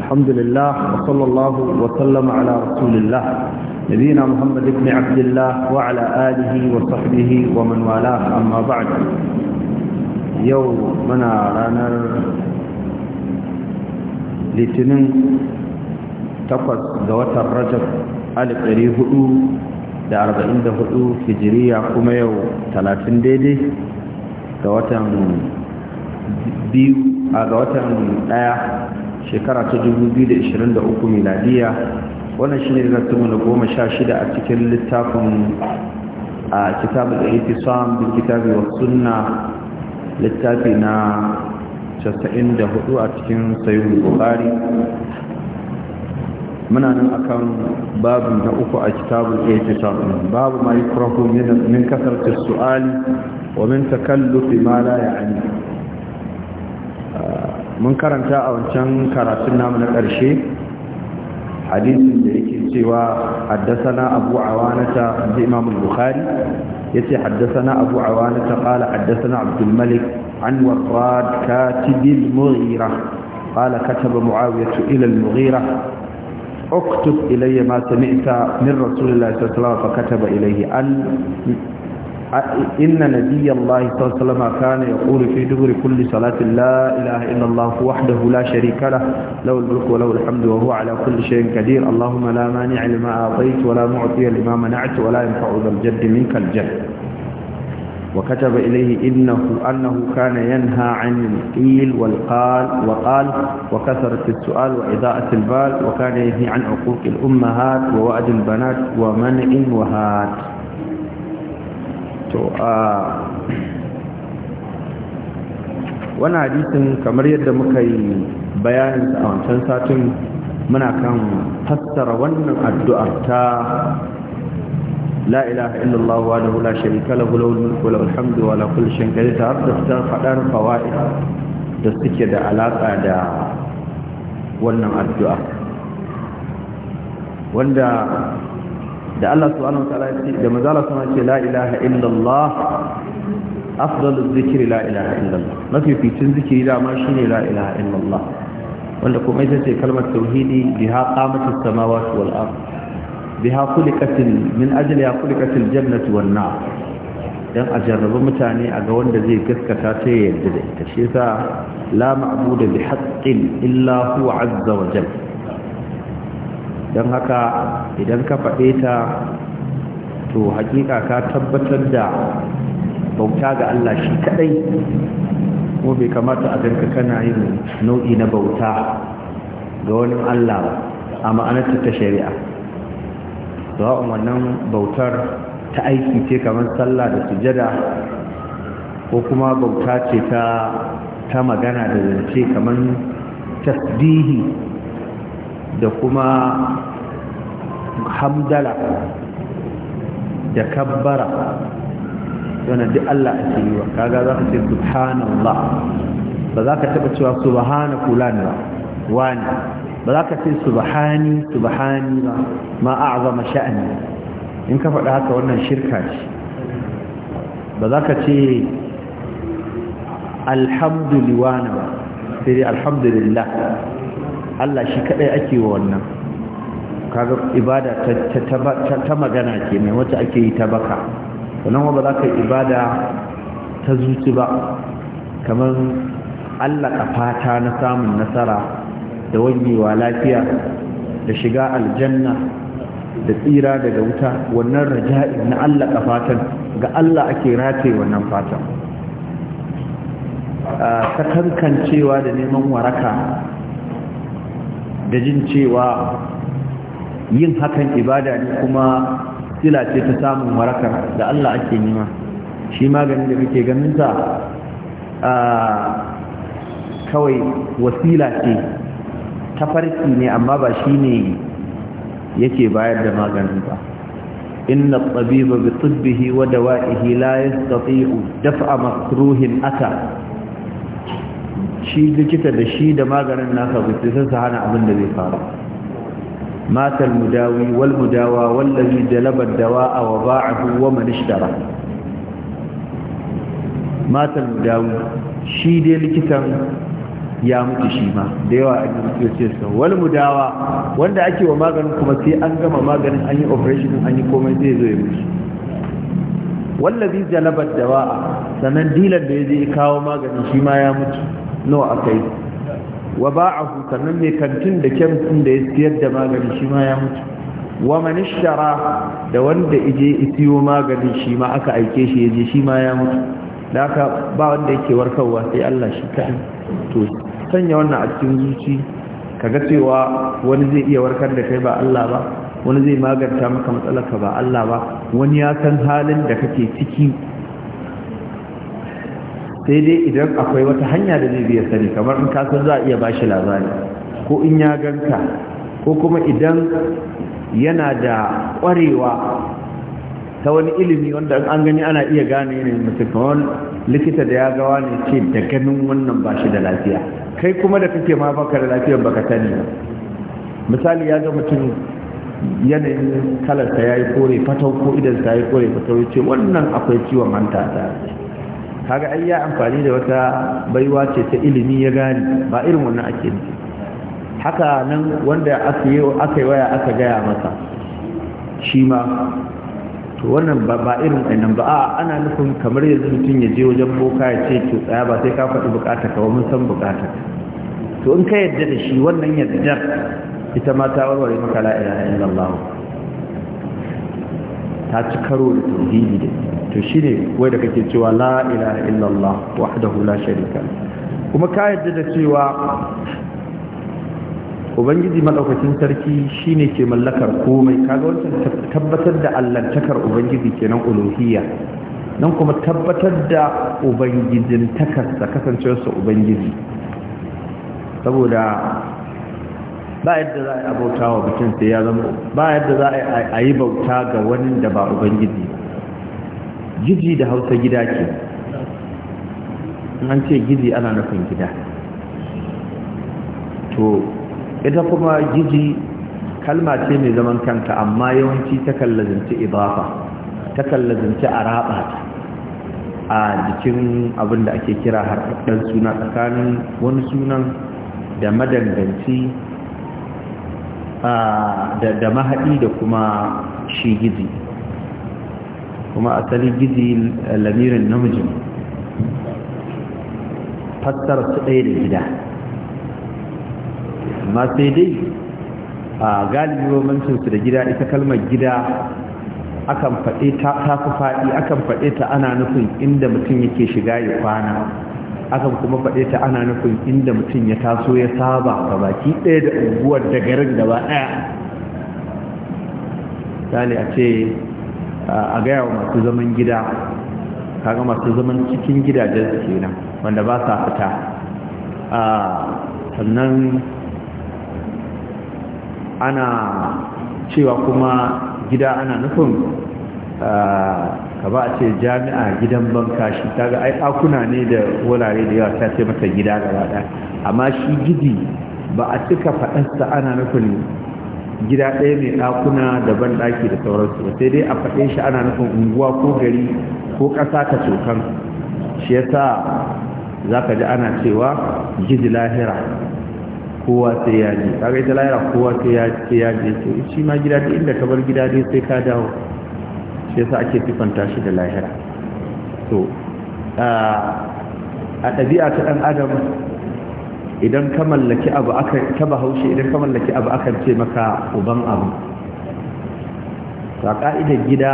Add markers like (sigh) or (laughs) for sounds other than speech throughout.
الحمد لله وصلى الله وسلم على رسول الله نبينا محمد بن عبد الله وعلى آله وصحبه ومن والاه أما بعد يوم منا رانا litinin takwas ga watan rajab alif ɗari hudu da arba'in da hudu hijiriya kuma yau talatin daidai a ga watan ɗaya shekara ta 2023 miladiya wannan shine zartumu na goma sha shida a cikin littafin a kitabul ihtisam bil kitabi was sunna littafi na 94 a cikin sayyid bukhari muna nan akan babu na uku a kitabul ihtisam babu ma yukrahu min kasrati su'ali wa min takallufi ma la ya'ni mun karanta a wancan karatun namu na ƙarshe hadisin da yake cewa haddasana abu awanata da imam bukhari yace haddasana abu awanata qala haddasana abdulmalik an warad katib al mughira qala kataba muawiyah ila al mughira اكتب الي ma سمعت من رسول الله صلى الله عليه وسلم فكتب اليه an. inna nabiyallahi sallallahu alaihi wasallam kana yaqulu fi duburi kulli salati la ilaha illa allah wahdahu la sharika lah lahu al-mulku wa lahu hamdu wa huwa ala kulli shay'in qadir allahumma la mani'a lima atayta wa la mu'tiya lima mana'ta wa la yanfa'u dhal jaddi minka al-jadd وكتب إليه إنه أنه كان ينهى عن القيل والقال وقال وكثرة السؤال وإضاءة البال وكان ينهي عن عقوق الأمهات ووأد البنات ومنع وهات to a wani hadisin kamar yadda muka yi bayanin a wancan satin muna kan fassara wannan addu'ar ta la ilaha illallah wa da hula sharika la hula mulku wa wa la kulli shay'in ta fassara faɗar fawa’i da suke da alaƙa da wannan addu'a wanda da Allah subhanahu wa ta'ala ya ce da manzo Allah subhanahu ce la ilaha illallah afdalu zikri la ilaha illallah mafi fitin zikiri da ma shine la ilaha illallah wanda kuma ita ce kalmar tauhidi biha qamatu samawati wal ard biha kulikatil min ajliha kulikatil jannatu wan nar dan a jarrabi mutane a ga wanda zai gaskata ta yarda da ita shi sa la ma'budu bi haqqin illa huwa azza wa jalla don haka idan ka faɗe ta to hakika ka tabbatar da bauta ga Allah shi kadai kuma bai kamata a garka kana yin nau'i na bauta ga wani Allah a ma'anarta ta shari'a zawa'un wannan bautar ta aiki ce kamar sallah da sujada ko kuma bauta ce ta magana da zance kamar tasbihi da kuma hamdala da kabbara yana duk Allah ake yi wa kaga za ka ce subhanallah ba za ka taba cewa subhana fulani ba wani ba za ka ce subhani subhani ba ma a'zama sha'ani in ka faɗa haka wannan shirka ce ba za ka ce alhamdu ba sai alhamdulillah Allah shi kadai ake wa wannan kaga ibada ta ta magana ke mai wata ake yi ta baka wannan ba za ka yi ibada ta zuci ba kamar allaka fata na samun nasara da wanyewa lafiya da shiga aljanna da tsira daga wuta wannan raja'i na allaka fatan ga Allah ake rataye wannan fatan ah, ta kankancewa da neman waraka da jin cewa yin hakan ibada ne kuma sila ce ta samun waraka da Allah ake nema shi maganin da muke ganin sa kawai wasila ce ta farki ne amma ba shi ne yake bayar da maganin ba inna tabiba bi tibbihi wa dawa'ihi la yastati'u daf'a ruhin aka shi likita da shi da maganin nasa bisu sun su hana abin da zai faru matal mudawi wal mudawa wallazi jalaba dawa'a wa ba'ahu wa man ishtara matal mudawi shi dai likitan ya mutu shi ma da yawa a likitocin sa wal mudawa wanda ake wa maganin kuma sai an gama maganin an yi operation an yi komai zai zo ya mutu wallazi jalaba dawa'a sanan dilan da ya je kawo maganin shi ma ya mutu nawa aka yi wa ba'ahu sannan mai kantin da kyamsin da ya siyar da magani shi ma ya mutu wa man ishtara da wanda ije isiyo maganin shi ma aka aike shi yaje shi ma ya mutu da aka ba wanda yake warkarwa sai Allah shi kaɗan to sanya wannan a cikin zuci kaga cewa wani zai iya warkar da kai ba Allah ba wani zai maganta maka matsalarka ba Allah ba wani ya san halin da kake ciki sai dai idan akwai wata hanya da zai biya sani kamar in kasar za a iya bashi labari ko in ya ganta ko kuma idan yana da kwarewa ta wani ilimi wanda an gani ana iya gane ne mutum kamar likita da ya gawa ne ce da ganin wannan ba shi da lafiya kai kuma da kake ma baka da lafiyar baka sani misali ya ga mutum yanayin kalarsa ya yi kore fatau ko idan ta yi kore fatau ce wannan akwai ciwon hanta ta kaga ai ya amfani da wata baiwa ce ta ilimi ya gani, ba irin wannan ake nufi haka nan wanda aka yi aka waya aka gaya masa shi ma to wannan ba irin wannan ba a ana nufin kamar yanzu mutum ya je wajen boka ya ce to tsaya ba sai ka faɗi bukata ka mun san bukata to in ka yadda da shi wannan yadda ita ma ta warware maka la ilaha illallah ta ci karo da tauhidi da to shine wai da kake cewa la ilaha illallah wahdahu la sharika kuma ka yadda da cewa ubangiji madaukakin sarki shine ke mallakar komai Ka ga wancan tabbatar da allantakar ubangiji kenan uluhiyya nan kuma tabbatar da ubangijin takarsa kasancewarsa ubangiji saboda ba yadda za a yi abauta wa bikin sai ya zama ba yadda za a yi bauta ga wani da ba ubangiji giji da hausa gida ke an ce giji ana nufin gida to ita kuma giji kalma ce mai zaman kanta amma yawanci ta kallazinci ibafa, ta kallazinci araba a jikin abin da ake kira harfaɗɗen suna tsakanin wani sunan da madanganci da mahaɗi da kuma shi gizi kuma asali gizi lamirin namiji fassara su ɗaya da gida amma sai dai a galibi romancinsu da gida ita kalmar gida akan faɗe ta fi faɗi akan faɗe ta ana nufin inda mutum yake shiga ya kwana aka kuma faɗe ta ana nufin inda mutum ya taso ya saba ga baki ɗaya da unguwar da garin da ba ɗaya misali a ce a gaya wa masu zaman gida kaga masu zaman cikin gidajen su kenan wanda ba sa fita a sannan ana cewa kuma gida ana nufin ka ba a ce jami'a gidan banka shi ta ai ɗakuna ne da wurare da yawa ta ce mata gida gaba ɗaya amma shi gidi ba a cika faɗarsa ana nufin gida ɗaya mai ɗakuna da ban ɗaki da sauransu ba sai dai a faɗe shi ana nufin unguwa ko gari ko ƙasa ta cokan shi ya sa za ka ji ana cewa gidi lahira kowa sai ya ji kaga ita lahira kowa sai ya ji shi ma gida ta inda ka bar gida ne sai ka dawo shi yasa ake tifanta shi da lahira to a ɗabi'a ta ɗan adam idan ka mallaki abu aka ta bahaushe idan ka mallaki abu akan ce maka uban abu to a gida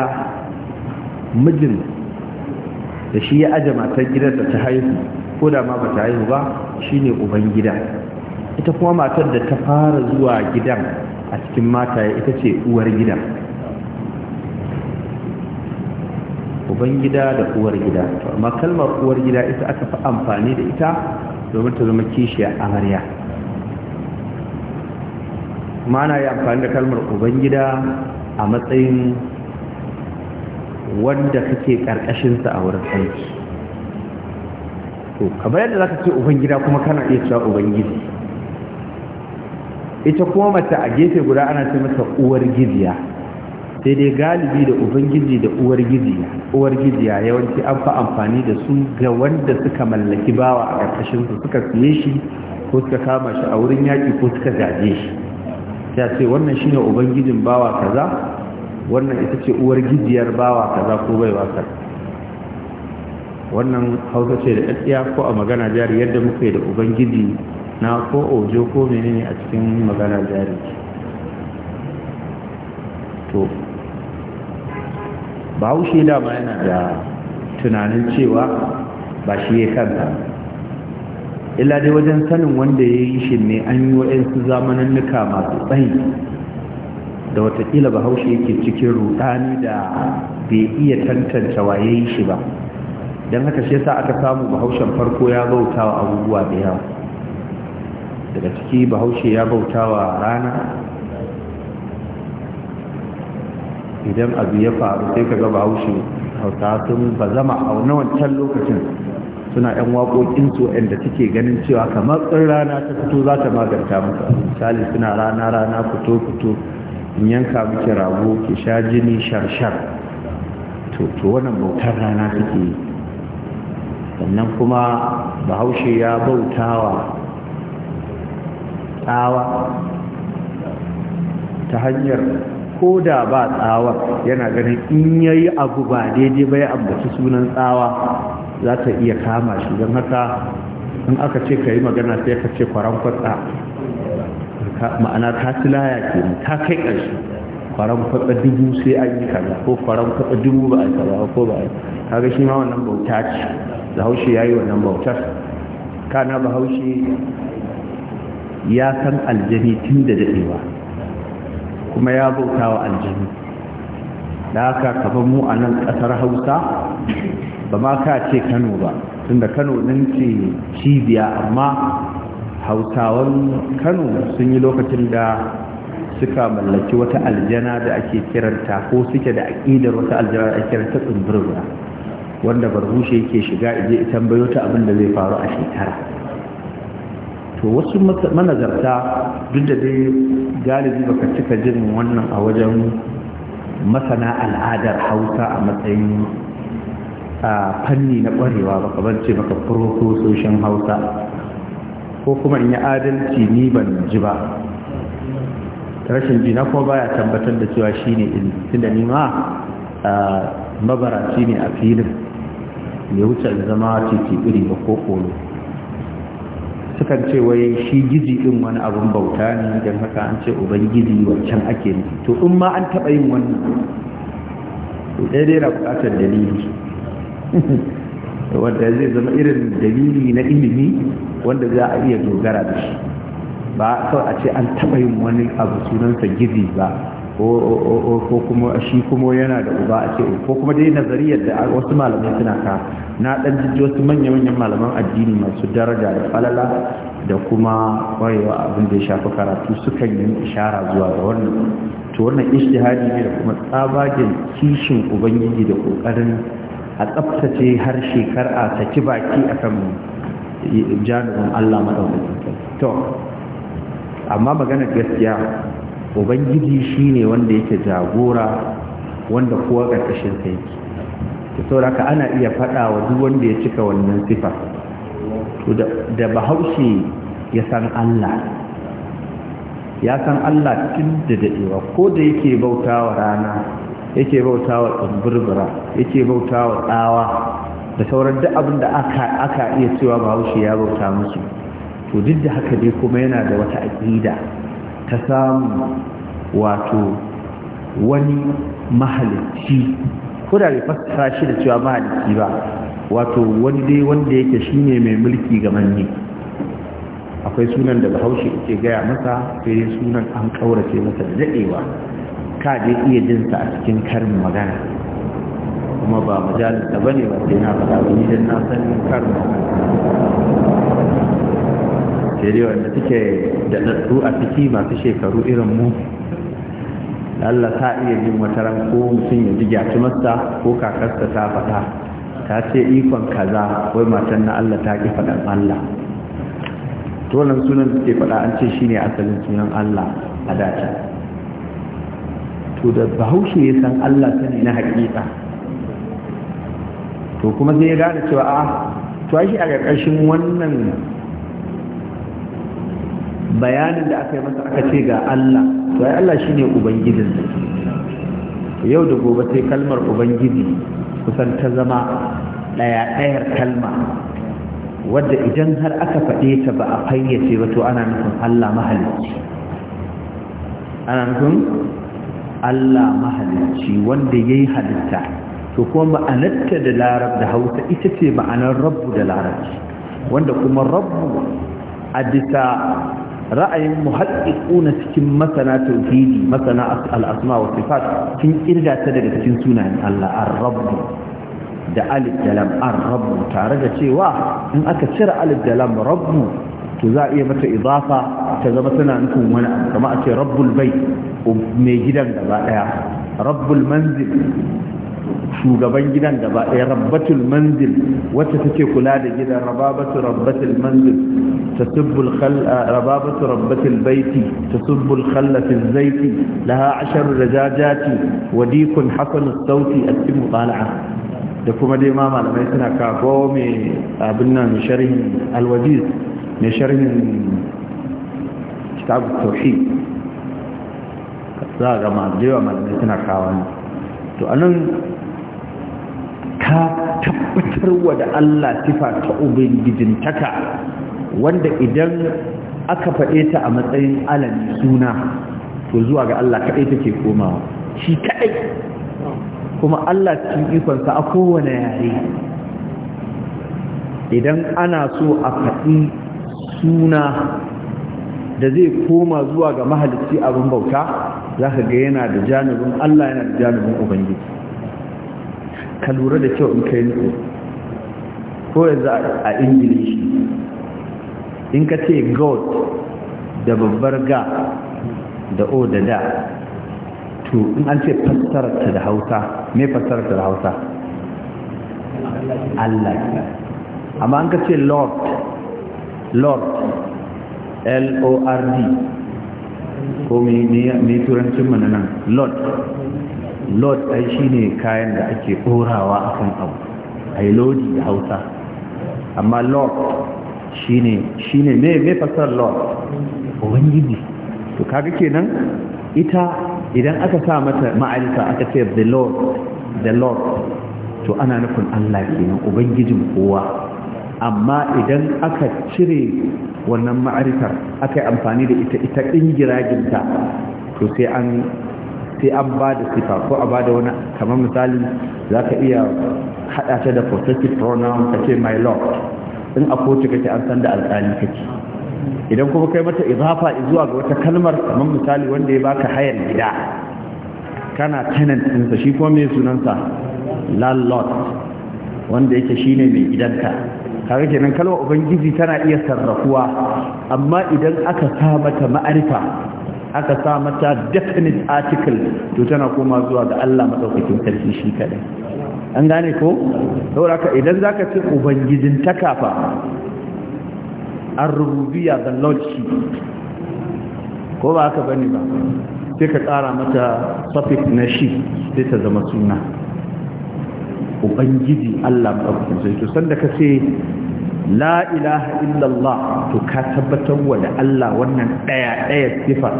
mijin da shi ya aje matar gidan da ta haihu ko da ma ba ta haihu ba shine uban gida ita kuma matar da ta fara zuwa gidan a cikin mata ita ce uwar gidan uban gida da uwar gida amma kalmar uwar gida ita aka fi amfani da ita domin ta zama kishiya amarya mana ya amfani da kalmar uban gida a matsayin wanda kake karkashinsa a wurin aiki to kamar yadda za ce uban gida kuma kana iya cewa ubangiji ita kuma mace a gefe guda ana ce mata uwar gidiya sai dai galibi da ubangiji da uwar gijiya yawanci an fi amfani da su ga wanda suka mallaki bawa a ƙarƙashin su suka siye shi ko suka kama shi a wurin yaƙi ko suka gaje shi ya ce wannan shine ubangijin bawa kaza wannan ita ce uwar bawa kaza ko bai wasa wannan hausa ce da ɗaɗɗiya ko a magana jari yadda muka yi da ubangiji na ko ojo ko menene a cikin magana jari to bahaushe dama yana da tunanin cewa ba shi ya kanta illa dai wajen sanin wanda ya yi shi ne an yi wa'yansu nuka masu tsayi da watakila bahaushe yake cikin rudani da bai iya tantance ya yi shi ba don haka shi yasa aka samu bahaushen farko ya bauta wa abubuwa da yawa daga ciki bahaushe ya bauta wa rana idan abu ya faru sai ka ga bahaushe hauta sun ba zama a wani wancan lokacin suna yan waƙoƙin su da suke ganin cewa kamar tsin rana ta fito za ta maganta maka misali suna rana rana fito fito in yanka miki rago ki sha jini shar shar to to wannan bautar rana take yi sannan kuma bahaushe ya bautawa tsawa ta hanyar ko da ba tsawa yana ganin in ya yi abu ba daidai ba ya ambaci sunan tsawa za ta iya kama shi don haka in aka ce ka yi magana sai ka ce kwaran kwatsa ma'ana ta tilaya ke ta kai ƙarshe kwaran kwatsa dubu sai an yi kaza ko kwaran kwatsa dubu ba a yi kaza ko ba a yi kaga shi ma wannan bauta ce da haushe ya yi wannan bautar kana ba haushe ya san aljani tun da daɗewa kuma ya bauta wa aljihu da haka kafa mu a nan ƙasar hausa ba ma ka ce kano ba tunda kano nan ce cibiya amma hausawan kano sun yi lokacin da suka mallaki wata aljana da ake kiranta ko suke da aƙidar wata aljana da ake kiranta tsumbirin wanda barbushe yake shiga ije tambayo ta abin da zai faru a shekara to wasu manazarta duk da dai galibi baka cika jin wannan a wajen masana al'adar hausa a matsayin fanni na kwarewa ba kamar ce maka profesoshin hausa ko kuma in yi adalci ni ban ji ba rashin jina kuma baya tabbatar da cewa shi ne ilmi tunda ni ma ne a filin ya wuce zama titi iri ba ko kolo sukan ce wai shi gizi din wani abun bauta ne don haka an ce ubangiji wancan ake ne to in ma an taɓa yin wannan to ɗaya dai na buƙatar dalili (laughs) wanda zai zama irin dalili na ilimi wanda za a iya dogara da shi ba kawai a ce an taɓa yin wani abu sunansa gizi ba ko kuma shi kuma yana da uba a ce ko kuma dai nazariyar da wasu malamai suna ka na dan jijji wasu manya-manyan malaman addini masu daraja da falala da kuma kwarewa abin da ya shafi karatu sukan yi ishara zuwa ga wannan to wannan ishtihadi ne da kuma tsabagen kishin ubangiji da kokarin a tsaftace har shekara a saki baki akan janibin Allah madaukakin to amma magana gaskiya ubangiji shine wanda yake jagora wanda kowa ƙarƙashin ka yake to sauraka ana iya faɗa wa duk wanda ya cika wannan sifa to da bahaushe ya san Allah ya san Allah tun da daɗewa ko da yake bauta wa rana yake bautawa wa yake bauta wa tsawa da sauran duk abin da aka iya cewa bahaushe ya bauta musu to duk da haka dai kuma yana da wata aƙida ta samu wato wani mahalicci ko da bai fassara shi da cewa mahalicci ba wato wani dai wanda yake shine mai mulki ga manni akwai sunan da bahaushe ke gaya masa sai dai sunan an kaurace masa da daɗewa ka dai iya jinsa a cikin karin magana kuma ba majalisa ba ne ba sai na faɗa ba ni dan na san karin magana Najeriya wanda suke da daddu a ciki masu shekaru irin mu Allah ta iya jin wata ran ko mutum ya ji gyaci masa ko kakarsa ta faɗa ta ce ikon kaza wai matan na Allah ta ki faɗan Allah to nan sunan da ke faɗa an ce shine asalin sunan Allah a dace to da bahaushe ya san Allah sani na haƙiƙa to kuma sai ya gane cewa a to shi a ƙarƙashin wannan bayanin da aka yi masa aka ce ga Allah to ai Allah shine ubangijin yau da gobe sai kalmar ubangiji kusan ta zama daya dayar kalma wadda idan har aka faɗe ta ba a fayyace ba to ana nufin Allah mahalicci ana nufin Allah mahalicci wanda yayi halitta to kuma ma'anarta da larab da hausa ita ce ma'anar rabbu da larabci wanda kuma rabbu a ra'ayin muhaddiquna cikin masana tauhidi masana al-asma wa sifat Kin kirga ta daga cikin sunayen Allah ar-rabb da alif da lam ar-rabb tare da cewa in aka cire alif da lam rabb to za a iya mata idafa ta zama tana nufin wani abu kama a ce rabbul bai um, mai gidan gaba daya rabbul manzil shugaban gidan da ba ɗaya rabbatul manzil wacce take kula da gidan rababatu rabbatul manzil tasubbul khalla rababatu rabbatul baiti tasubbul khalla fil zaiti laha ashar rajajati wa dikun hasan sauti at-tim da kuma dai ma malamai suna kawo mai abin nan sharhin alwajiz mai sharhin kitab tauhid za ga ma da yawa malamai suna kawo to anan Ta tabbatar wa da Allah Tifa ta ubangijintaka wanda idan aka faɗe ta a matsayin alami suna to zuwa ga Allah kaɗai take komawa shi kaɗai kuma Allah cikin ikonsa a kowane yare idan ana so a faɗi suna da zai koma zuwa ga mahalicci abin bauta za ka ga yana da janubin Allah yana da janibin Ubangiji ka lura da kyau in kai nufi ko yanzu a ingilishi in ka ce god da babbar ga da o da da to in an ce fassararta da hausa me fassararta da hausa allah amma an ka ce lord lord l-o-r-d ko mai turancin mana nan lord lod ai shine kayan da ake ɗorawa kan abu ai lodi da hausa amma lord shine shine me me fasar lord ubangiji to kaga kenan ita idan aka sa mata ma'arifa aka ce the lord the lord to ana nufin Allah kenan ubangijin kowa amma idan aka cire wannan ma'arifar aka yi amfani da ita ita ɗin giraginta to sai an sai an ba da sifa ko a ba da wani kamar misali za ka iya haɗa ta da possessive pronoun ka ce my lord in a kotu kake an san da alƙali kake idan kuma kai mata izafa zuwa ga wata kalmar kamar misali wanda ya baka hayar gida kana tenant sa shi kuma mai sunansa landlord wanda yake shine mai gidanka kaga kenan kalmar ubangiji tana iya sarrafuwa amma idan aka sa mata ma'arifa aka sa mata definite article to tana koma zuwa ga Allah madaukakin sarki shi kaɗai. an gane ko sauraka idan za ka ce ubangijin takafa ar-rububiyya the lauci, ko ba haka bane ba sai ka tsara mata suffix na shi sai ta zama suna ubangiji Allah madaukakin sarki to sanda ka ce la ilaha illallah to ka tabbatar wa da Allah wannan ɗaya ɗaya sifa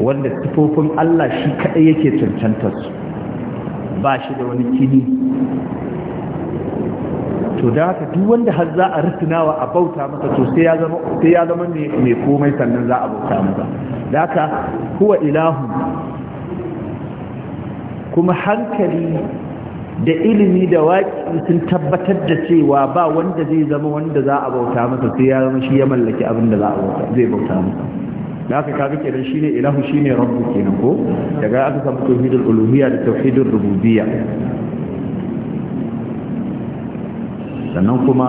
wanda sifofin Allah shi kaɗai yake cancantar su ba shi da wani kini to da haka duk wanda har za a rutunawa a bauta masa to sai ya zama mai komai sannan za a bauta masa da haka huwa ilahu kuma hankali da ilimi da waƙi sun tabbatar da cewa ba wanda zai zama wanda za a bauta masa sai ya zama shi ya mallaki abin da za a bauta zai bauta masa da aka kaga kenan shine ilahu shine rabbu kenan ko daga aka samu tauhidul uluhiyya da tauhidul rububiyya sannan kuma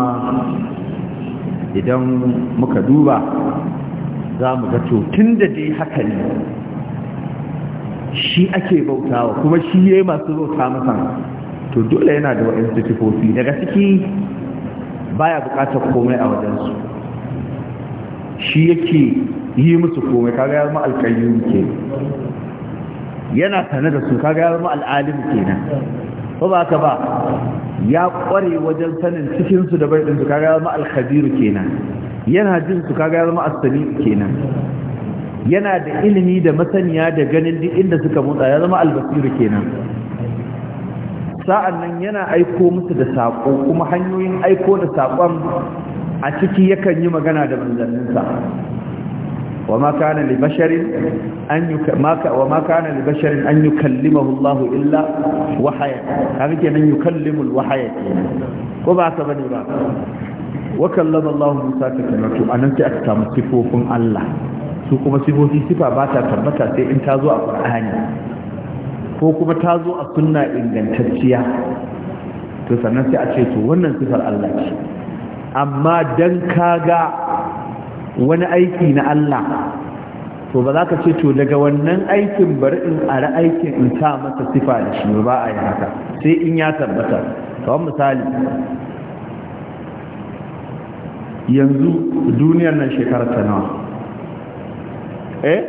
idan muka duba za mu ga to tun da dai haka ne shi ake bautawa kuma shi ya yi masu bauta masa to dole yana da waɗansu sifofi daga ciki baya buƙatar komai a wajensu shi yake yi musu komai kaga ya zama ke yana sane da su kaga ya zama al'alim kenan ba ba ka ba ya ƙware wajen sanin cikinsu da bai ɗinsu kaga ya zama ke kenan yana jin su kaga ya zama ke kenan yana da ilimi da masaniya da ganin duk inda suka motsa ya zama albasiru kenan sa'an nan yana aiko musu da saƙo kuma hanyoyin aiko da saƙon a ciki yakan yi magana da manzanninsa wa ma kana li basharin an yi yukallimahu Allah illa wahaya kaga kenan yukallimul wahaya ko ba ka bane ba wa kallama Allah Musa takallatu anan sai aka samu sifofin Allah su kuma sifofi sifa ba ta tabbata sai in ta zo a Qur'ani ko kuma ta zo a sunna ingantacciya to sannan sai a ce to wannan sifar Allah ce amma dan kaga wani aiki na Allah to ba za ka ce to daga wannan aikin bari in ara aikin in ta masa sifa da shi ba a yi haka sai in ya tabbata kawai misali yanzu duniyar nan shekarar ta nawa eh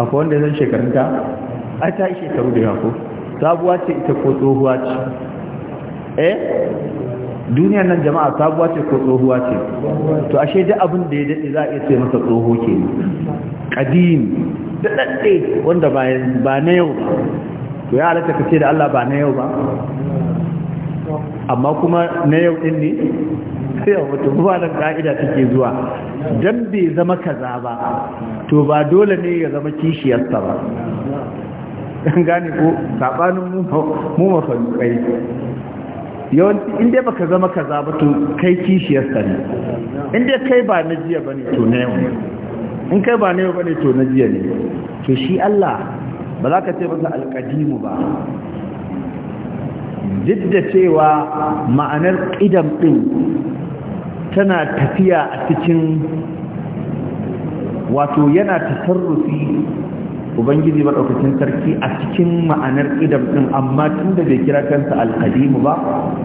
akwai wanda ya san ta? ai ta yi shekaru da yawa ko sabuwa ce ita ko tsohuwa ce eh duniyar nan jama'a sabuwa ce ko tsohuwa ce to ashe duk abin da ya dade za a iya ce masa tsoho ke kadim da dade wanda ba ba na yau ba to ya halatta kace da Allah ba na yau ba amma kuma na yau din ne sai wato ba da ka'ida take zuwa dan bai zama kaza ba to ba dole ne ya zama kishiyarsa ba an gane ko sabanin mu kai yawanci in dai baka zama kaza ba to kai kishiyar sani in dai kai ba na jiya bane to na yau in kai ba na yau bane to na jiya ne to shi Allah ba za ka ce masa alƙadimu ba duk da cewa ma'anar ƙidam ɗin tana tafiya a cikin wato yana tasarrufi ubangiji maɗaukacin sarki a cikin ma'anar idam ɗin amma tun da bai kira kansa alƙadimu ba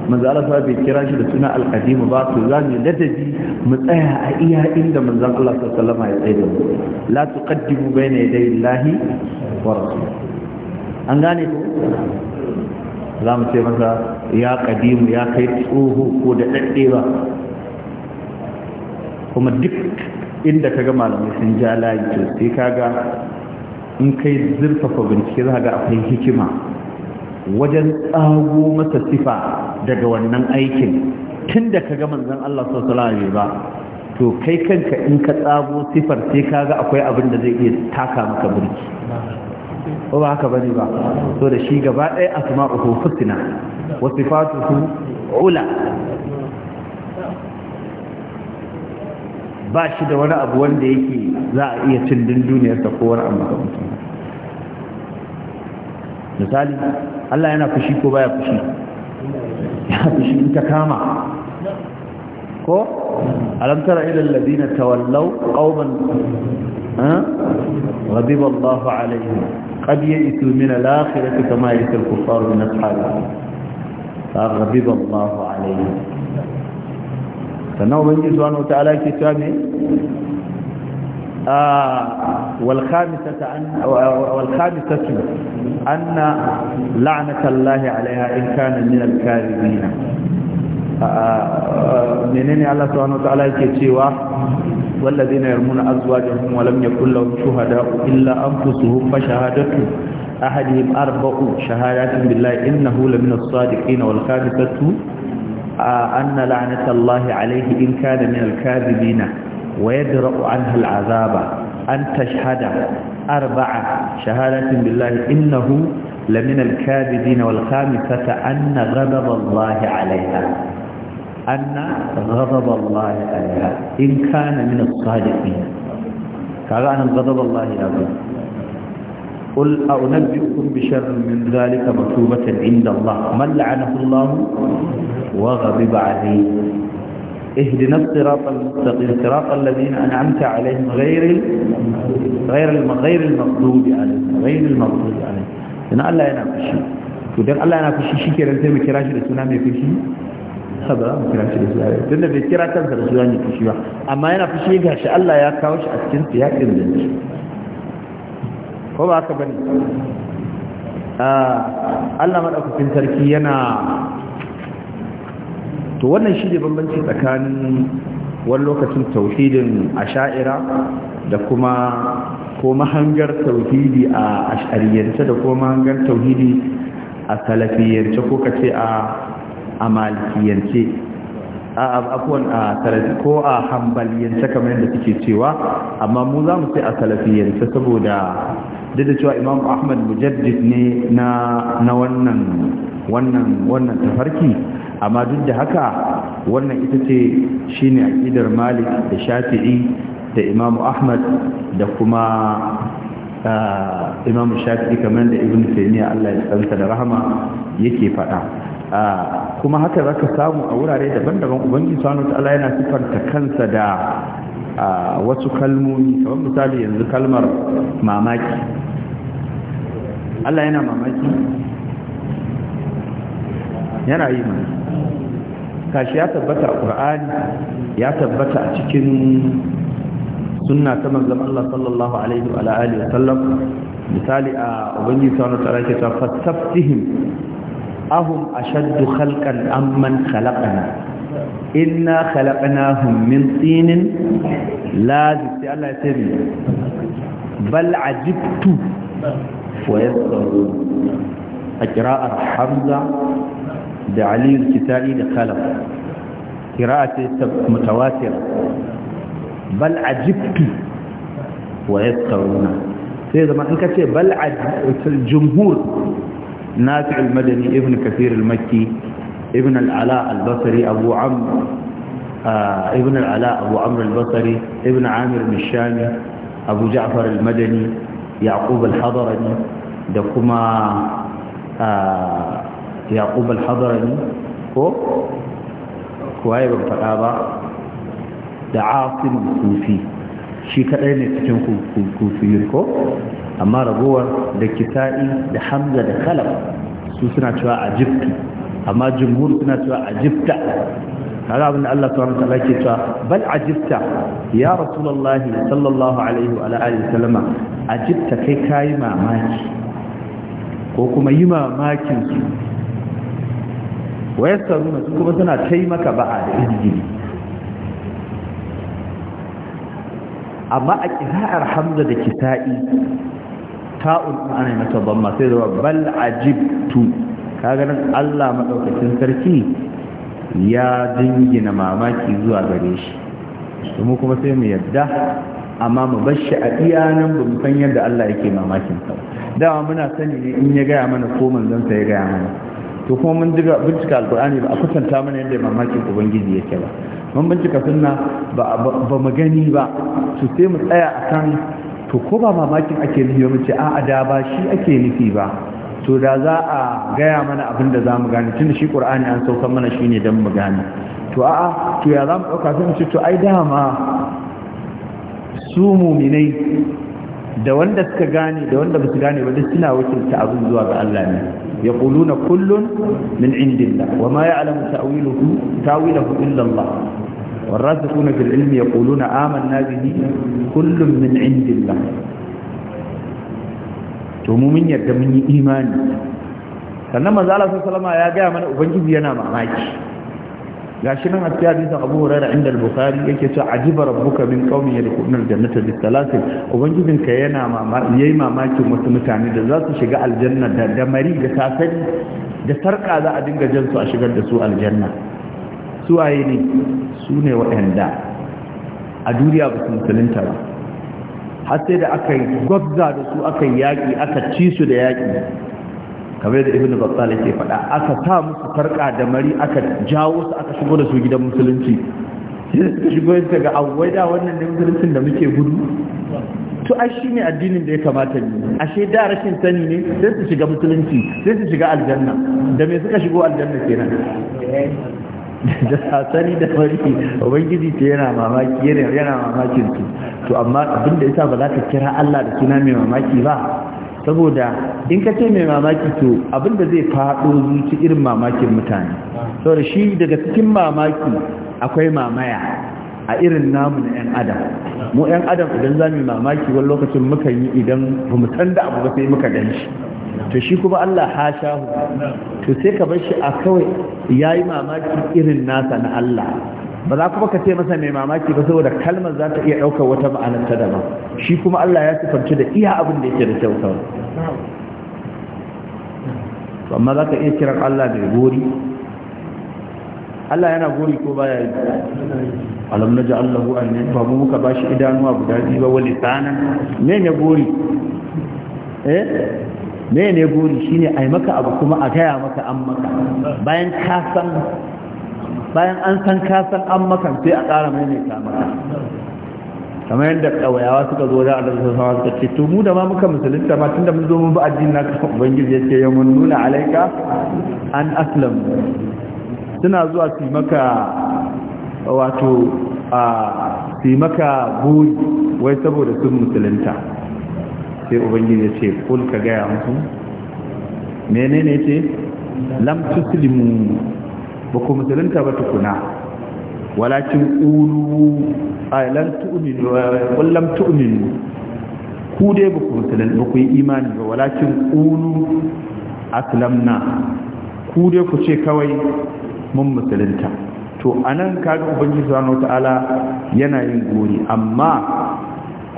manzan Allah bai kira shi da suna alƙadimu ba to za mu ladabi mu tsaya a iya inda manzan Allah sallama ya tsaye da mu la tuqaddimu bayna yaday lahi, wa rasulih an gane ko za mu ce masa ya ƙadimu ya kai tsoho ko da ɗaɗɗe ba kuma duk inda kaga malamai sun ja layi to sai kaga in kai zurfafa bincike za ga akwai hikima wajen tsago masa sifa daga wannan aikin tun da ka ga manzon Allah sallallahu alaihi ba to kai kanka in ka tsago sifar sai ka ga akwai abin da zai iya taka maka burki ko ba haka bane ba so da shi gaba ɗaya asma'uhu husna wa sifatuhu ula ba shi da wani abu wanda yake za a iya cin dunduniyarsa ko wani abu ga mutum misali Allah yana fushi ko baya fushi ya fushi in ta kama ko alam tara ila alladhina tawallaw qauman غضب الله عليهم قد يئسوا من الآخرة كما يئس الكفار من أصحابهم فغضب الله عليهم sannan wani zuwa na wata alaƙi cewa ne a ah, walƙami ta su an na in kana nilar karibina ah, ah, mene ne allah suwa na wata alaƙi cewa wanda zai na yarmuna azuwa da hun walam ya kulla wani shuhada illa an fusu hun fashahadatu ahadiyar arba'u shahadatun billahi inna hula min asuwa da ƙina walƙami ta su آه، أن لعنة الله عليه إن كان من الكاذبين ويدرأ عنها العذاب أن تشهد أربعة شهادة بالله إنه لمن الكاذبين والخامسة أن غضب الله عليها أن غضب الله عليها إن كان من الصادقين أن غضب الله عليها قل أنبئكم بشر من ذلك مكتوبة عند الله من لعنه الله وغضب عليه اهدنا الصراط المستقيم صراط الذين أنعمت عليهم غير غير غير المغضوب عليهم غير المغضوب عليهم إن الله ينام في شيء ودان الله ينام في الشيء شيء كيرا نتيم كراش الإسلام في الشيء هذا ما كراش الإسلام تنبي كراش الإسلام في الشيء أما ينام في الشيء الله يا كاوش أتكنت يا كنت ko ba ka bane ah, Allah madaukakin sarki yana to wannan shi ne bambanci tsakanin wani lokacin tauhidin asha'ira da kuma ko mahangar tauhidi a ash'ariyance da kuma mahangar tauhidi a salafiyance ko kace a amalikiyance a abuwan a salafi ko a hambaliyance kamar yadda suke cewa amma mu za mu sai a salafiyance saboda duk da cewa imam ahmad mujaddid ne na na wannan wannan wannan tafarki amma duk da haka wannan ita ce shine aqidar malik da shafi'i da imam ahmad da kuma ah, imam shafi'i kamar da ibn taymiya Allah ya tsanta da rahama yake faɗa ah, kuma haka zaka samu a wurare daban-daban ubangi subhanahu ta Allah yana sifanta kansa da a wasu kalmomi kamar misali yanzu kalmar mamaki Allah yana mamaki yana yi mana kashi ya tabbata a ƙur'ani ya tabbata a cikin suna ta manzon Allah sallallahu alaihi wa alihi wa sallam misali a ubangi sallallahu alaihi wa sallam fastaftihim ahum ashaddu khalqan amman khalaqana inna khalaqnahum min tinin lazim sai Allah ya tabi bal ajibtu wa yasaru a kira'ar hamza da aliyu kitabi da khalaf kira'a ce ta mutawatira bal ajibtu wa yasaruna sai zama in ka ce bal ajibtu jumhur nafi al-madani ibn kathir al-makki ibn al'ala al abu uh, ibn al'ala abu amr al-basri ibn amir abu ja'far al-madani yaqub al-hadarani da kuma uh, yaqub al-hadarani ko ba da asim kufi shi kaɗai ne cikin kufiyin ko amma ragowar da kita'i da hamza da kalab su suna cewa a jifti amma jumhur suna cewa ajibta kaga abin da Allah subhanahu wataala ke cewa bal ya rasulullahi sallallahu alaihi wa alihi wasallama kai kai mamaki ko kuma yi mamakin su wayasaruna su kuma suna taimaka a da izgili amma a kira'ar hamza da kisa'i ta'un ana mata ban sai da bal ajibtu kaga nan Allah madaukakin sarki ya dingina mamaki zuwa gare shi kuma kuma sai mu yadda amma mu bar shi a iya nan ba mu san yadda Allah yake mamakin sa dama muna sani ne in ya gaya mana ko manzon sa ya gaya mana to kuma mun diga bincika alkur'ani ba a kusanta mana yadda mamakin ubangiji yake ba mun bincika sunna ba mu gani ba to sai mu tsaya akan to ko ba mamakin ake nufi ba mu ce a'a da ba shi ake nufi ba to da za a gaya mana abin da za mu gane tun shi ƙur'ani an saukan mana shi ne don mu gane to a'a to ya za mu ɗauka sun ce to ai dama su muminai da wanda suka gane da wanda ba su gane ba duk suna wakilta abin zuwa ga Allah ne ya kuluna kullun min indillah wa ma ya'lamu ta'wiluhu ta'wilahu illa Allah والراسخون في العلم يقولون آمنا به كل من عند الله to mu mun yarda mun yi imani sannan manzo Allah sallama ya gaya mana ubangiji yana mamaki gashi nan hatta hadisin Abu Hurairah inda al-Bukhari yake cewa ajiba rabbuka min qaumi yadkhuluna al-jannata bi ubangijin ka yana mamaki yayi mamakin wasu mutane da za su shiga aljanna da damari da safari da sarka za a dinga jan su a shigar da su aljanna su waye ne su ne waɗanda a duniya ba su musulunta ba har sai da aka yi gwabza da su aka yaki yaƙi aka ci su da yaƙi kamar da ibn battal yake faɗa aka sa musu farka da mari aka jawo su aka shigo da su gidan musulunci sai suka shigo yadda ga awai da wannan da musuluncin da muke gudu to ai shine addinin da ya kamata ne ashe da rashin sani ne sai su shiga musulunci sai su shiga aljanna da me suka shigo aljanna kenan da sasani da farki ubangiji ce yana mamaki yana mamakin su to amma abin da yasa ba za ka kira Allah da suna mai mamaki ba saboda in ka ce mai mamaki to abin da zai faɗo zuci irin mamakin mutane saboda shi daga cikin mamaki akwai mamaya a irin namu na 'yan adam mu 'yan adam idan za mu mamaki wani lokacin mukan yi idan ba mu san da abu ba sai muka gani to shi kuma Allah hashahu to sai ka bar shi a kawai ya yi mamaki irin nasa na Allah ba za kuma ka ce masa mai mamaki ba saboda kalmar za ta iya ɗaukar wata ma'anar ta daban shi kuma Allah ya sifanci da iya abin da yake da kyautar amma za ka iya kiran Allah mai gori Allah yana gori ko baya yi alam na ji Allah an ne ba mu muka ba shi idanuwa guda biyu ba wani tsanan ne ne gori eh ne ne ne a yi maka abu kuma a gaya maka an maka bayan kasan bayan an san ka san an maka sai a ƙara maimaita maka kamar yadda ƙawayawa suka zo da Allah sallallahu suka ce to mu da ma muka musulunta ma da mun zo mun bi addinin naka ubangiji ce ya mun nuna alaika an aslam suna zuwa su maka wato a su maka buri wai saboda sun musulunta sai ubangiji ya ce kul ka gaya musu menene ce lam tuslimu ba ku musulunta ba tukuna walakin qulu lam tu'minu wa lam tu'minu ku dai ba ku musulunta ba ku yi imani ba walakin qulu aslamna ku dai ku ce kawai mun musulunta to anan kaga ubangiji subhanahu wataala yana yin gori amma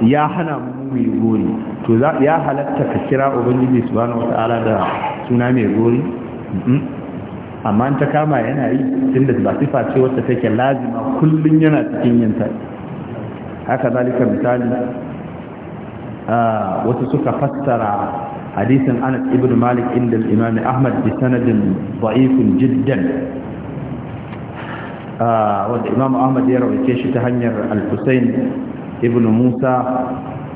ya hana mu ku gori to ya halatta ka kira ubangiji subhanahu wata'ala da suna mai gori amma ta kama yana yi tunda ba sifa ce wacce take lazima kullum yana cikin yin ta haka zalika misali wasu suka fassara hadisin Anas ibn Malik inda al-Imam Ahmad bi sanadin da'if jiddan wanda Imam Ahmad ya rawaice shi ta hanyar Al-Husayn ibn Musa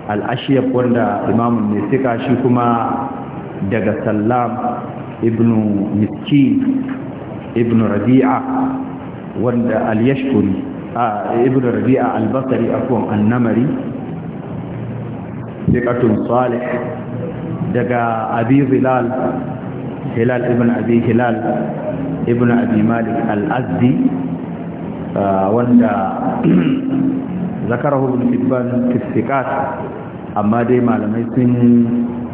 al'ashiyar wanda imamun mai sika shi kuma daga sallam ibn miski ibn rabi'a wanda al-yashkuri ibn rabi'a al-basari akwai annamari sikatun salih daga abi hilal hilal ibn abi hilal ibn abi malik al-azdi wanda ذكره ابن حبان في الثقات amma dai malamai sun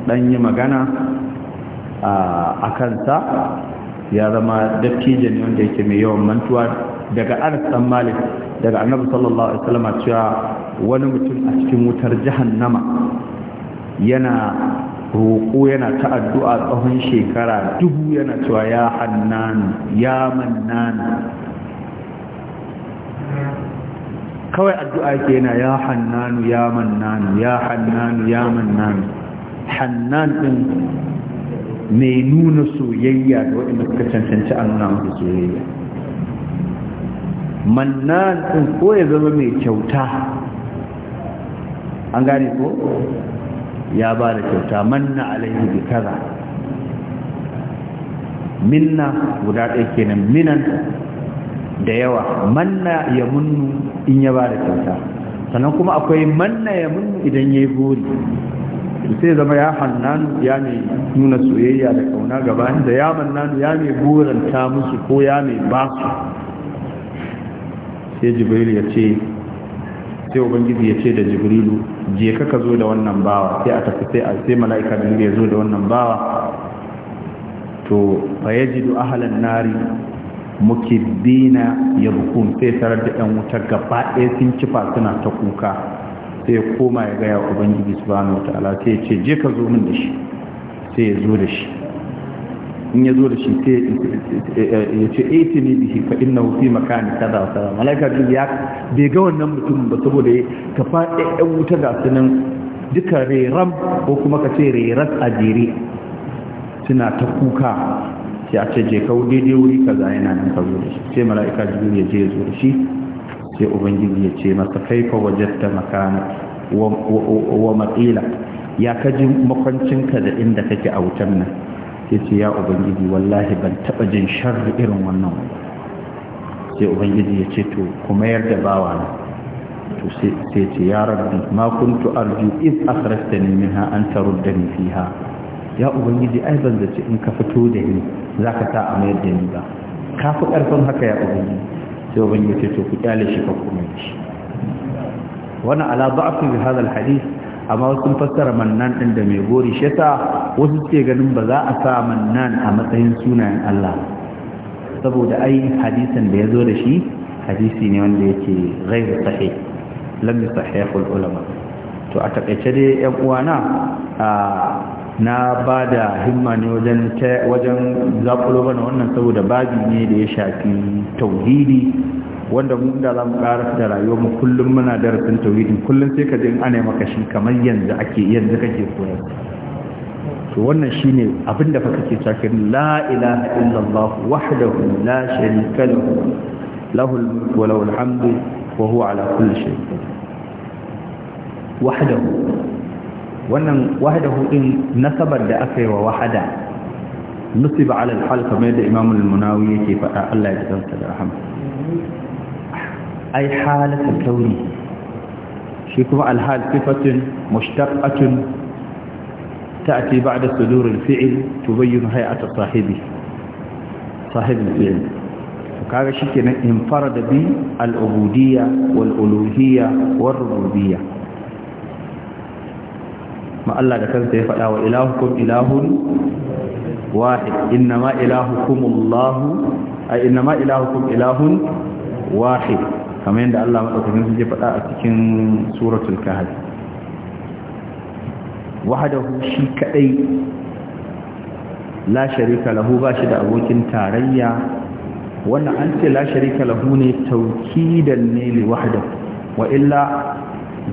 dan yi magana a kansa ya zama dattijo ne wanda yake mai yawan mantuwa daga anas dan malik daga annabi sallallahu alaihi wasallam cewa wani mutum a cikin wutar jahannama yana roƙo yana ta addu'a tsawon shekara dubu yana cewa ya hannan ya mannan kawai addu'a ke yana ya hannanu ya mannanu ya hannanu ya mannanu hannan ɗin mai nuna soyayya da waɗanda suka cancanci a nuna masa soyayya mannan ɗin ko ya zama mai kyauta an gane ko ya ba da kyauta manna alaihi bi kaza minna guda ɗaya kenan minan da yawa manna ya munnu in ya ba da kyauta sannan kuma akwai manna ya mun idan ya yi buri sai zama ya hannanu ya mai nuna soyayya da kauna gabanin da ya mannan ya mai buranta musu ko ya mai ba su sai jibril ya ce sai ubangiji ya ce da jibrilu je ka ka zo da wannan bawa sai a tafi sai a sai mala'ika da ya zo da wannan bawa to fa yajidu ahlan nari dina ya bukun sai tarar da yan wuta gaba ɗaya sun cifa suna ta kuka sai koma ya gaya ubangiji subhanahu wata sai ya ce je ka zo min da shi sai ya zo da shi in ya zo da shi sai ya ce eti ne bihi fa inna fi makani kaza wa kaza malaika ya bai ga wannan mutum ba saboda ya kafa wuta ga sunan duka reram ko kuma ka ce reras a jere suna ta kuka sai a ce je kawo daidai wuri kaza yana nan ka zo da shi sai mala'ika jibril ya je ya zo da shi sai ubangiji ya ce masa kaifa ta makana wa matsila ya kaji makwancinka da inda kake a wutan nan sai ce ya ubangiji wallahi ban taba jin sharri irin wannan sai ubangiji ya ce to kuma yarda bawa na to sai ce ya rabbi ma kuntu arju iz akhrajtani minha an taruddani fiha ya ubangiji ai ban zaci in ka fito da ni za ka sa a mayar da ni ba ka fi ƙarfin haka ya ubangi sai ubangi ce to ku kyale shi ka shi wani ala fi bi hadal hadis, amma wasu fassara mannan ɗin da mai gori shi wasu ce ganin ba za a sa mannan a matsayin sunayen Allah saboda ai hadisin da ya zo da shi hadisi ne wanda yake ghairu sahih lam yusahihul ulama to a takaice dai yan uwana na ba da himma ne wajen wajen zaƙulo bana wannan saboda babi ne da ya shafi tauhidi wanda mun da zamu karasa da rayuwar mu kullum muna darasin tauhidin kullum sai ka ji in ana maka shi kamar yanzu ake yanzu kake koyar to wannan shine abinda fa kake cakin la ilaha illallah wahdahu la sharika lahu lahu wa lahu alhamdu wa huwa ala kulli shay'in wahdahu wannan wahadahu din nasabar da aka yi wa wahada nusiba ala al kamar da Imam al-Munawi yake faɗa Allah ya tsanta da rahama ai halatu kauni shi kuma al-hal sifatun mushtaqatun ta'ti ba'da sudur al-fi'l tubayyin hay'ata sahibi sahib al-fi'l kaga shikenan infarada bi al-ubudiyya wal-uluhiyya war rububiya. ma Allah da kansa ya faɗa wa ilahukum ilahun wahid innama ilahukum Allah a innama ilahukum ilahun wahid kamar yadda Allah madaukakin sun ya faɗa a cikin suratul kahf wahdahu shi kadai la sharika lahu ba shi da abokin tarayya wannan an ce la sharika lahu ne taukidan ne li wahdahu wa illa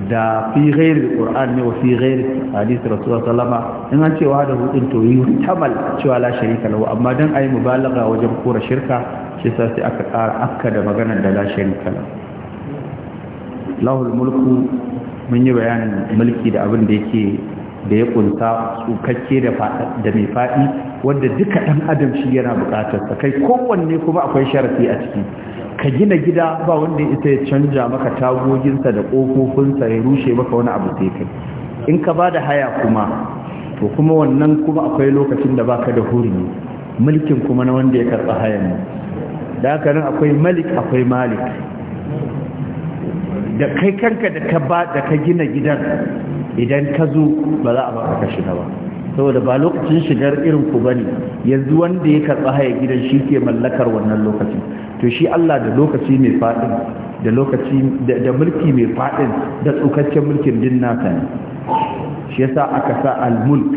da fi ghairi qur'an ne wa fi ghairi hadisi rasulullah sallama in an cewa da hudin to yi tamal cewa la sharika lahu amma dan ayi mubalagha wajen kora shirka shi sa sai aka kara akka da maganar da la sharika lahu lahu mulku mun yi bayanin mulki da abin da yake da ya kunta tsukakke da mai faɗi wanda duka ɗan adam shi yana buƙatar sa kai kowanne kuma akwai sharafi a ciki ka gina gida ba wanda ita ya canja maka tagoginsa da ƙofofinsa ya rushe maka wani abu sai kai in ka ba da haya kuma to kuma wannan kuma akwai lokacin da baka da hurumi mulkin kuma na wanda ya karɓa hayan da haka nan akwai malik akwai malik da kai kanka da ka ba da ka gina gidan idan ka zo ba za a ba ka shiga ba saboda ba lokacin shigar irin ku bane yanzu wanda ya karɓa haya gidan shi ke mallakar wannan lokaci to shi Allah da lokaci mai faɗin da lokaci da mulki mai faɗin da tsukaccen mulkin din naka ne shi yasa aka sa al-mulk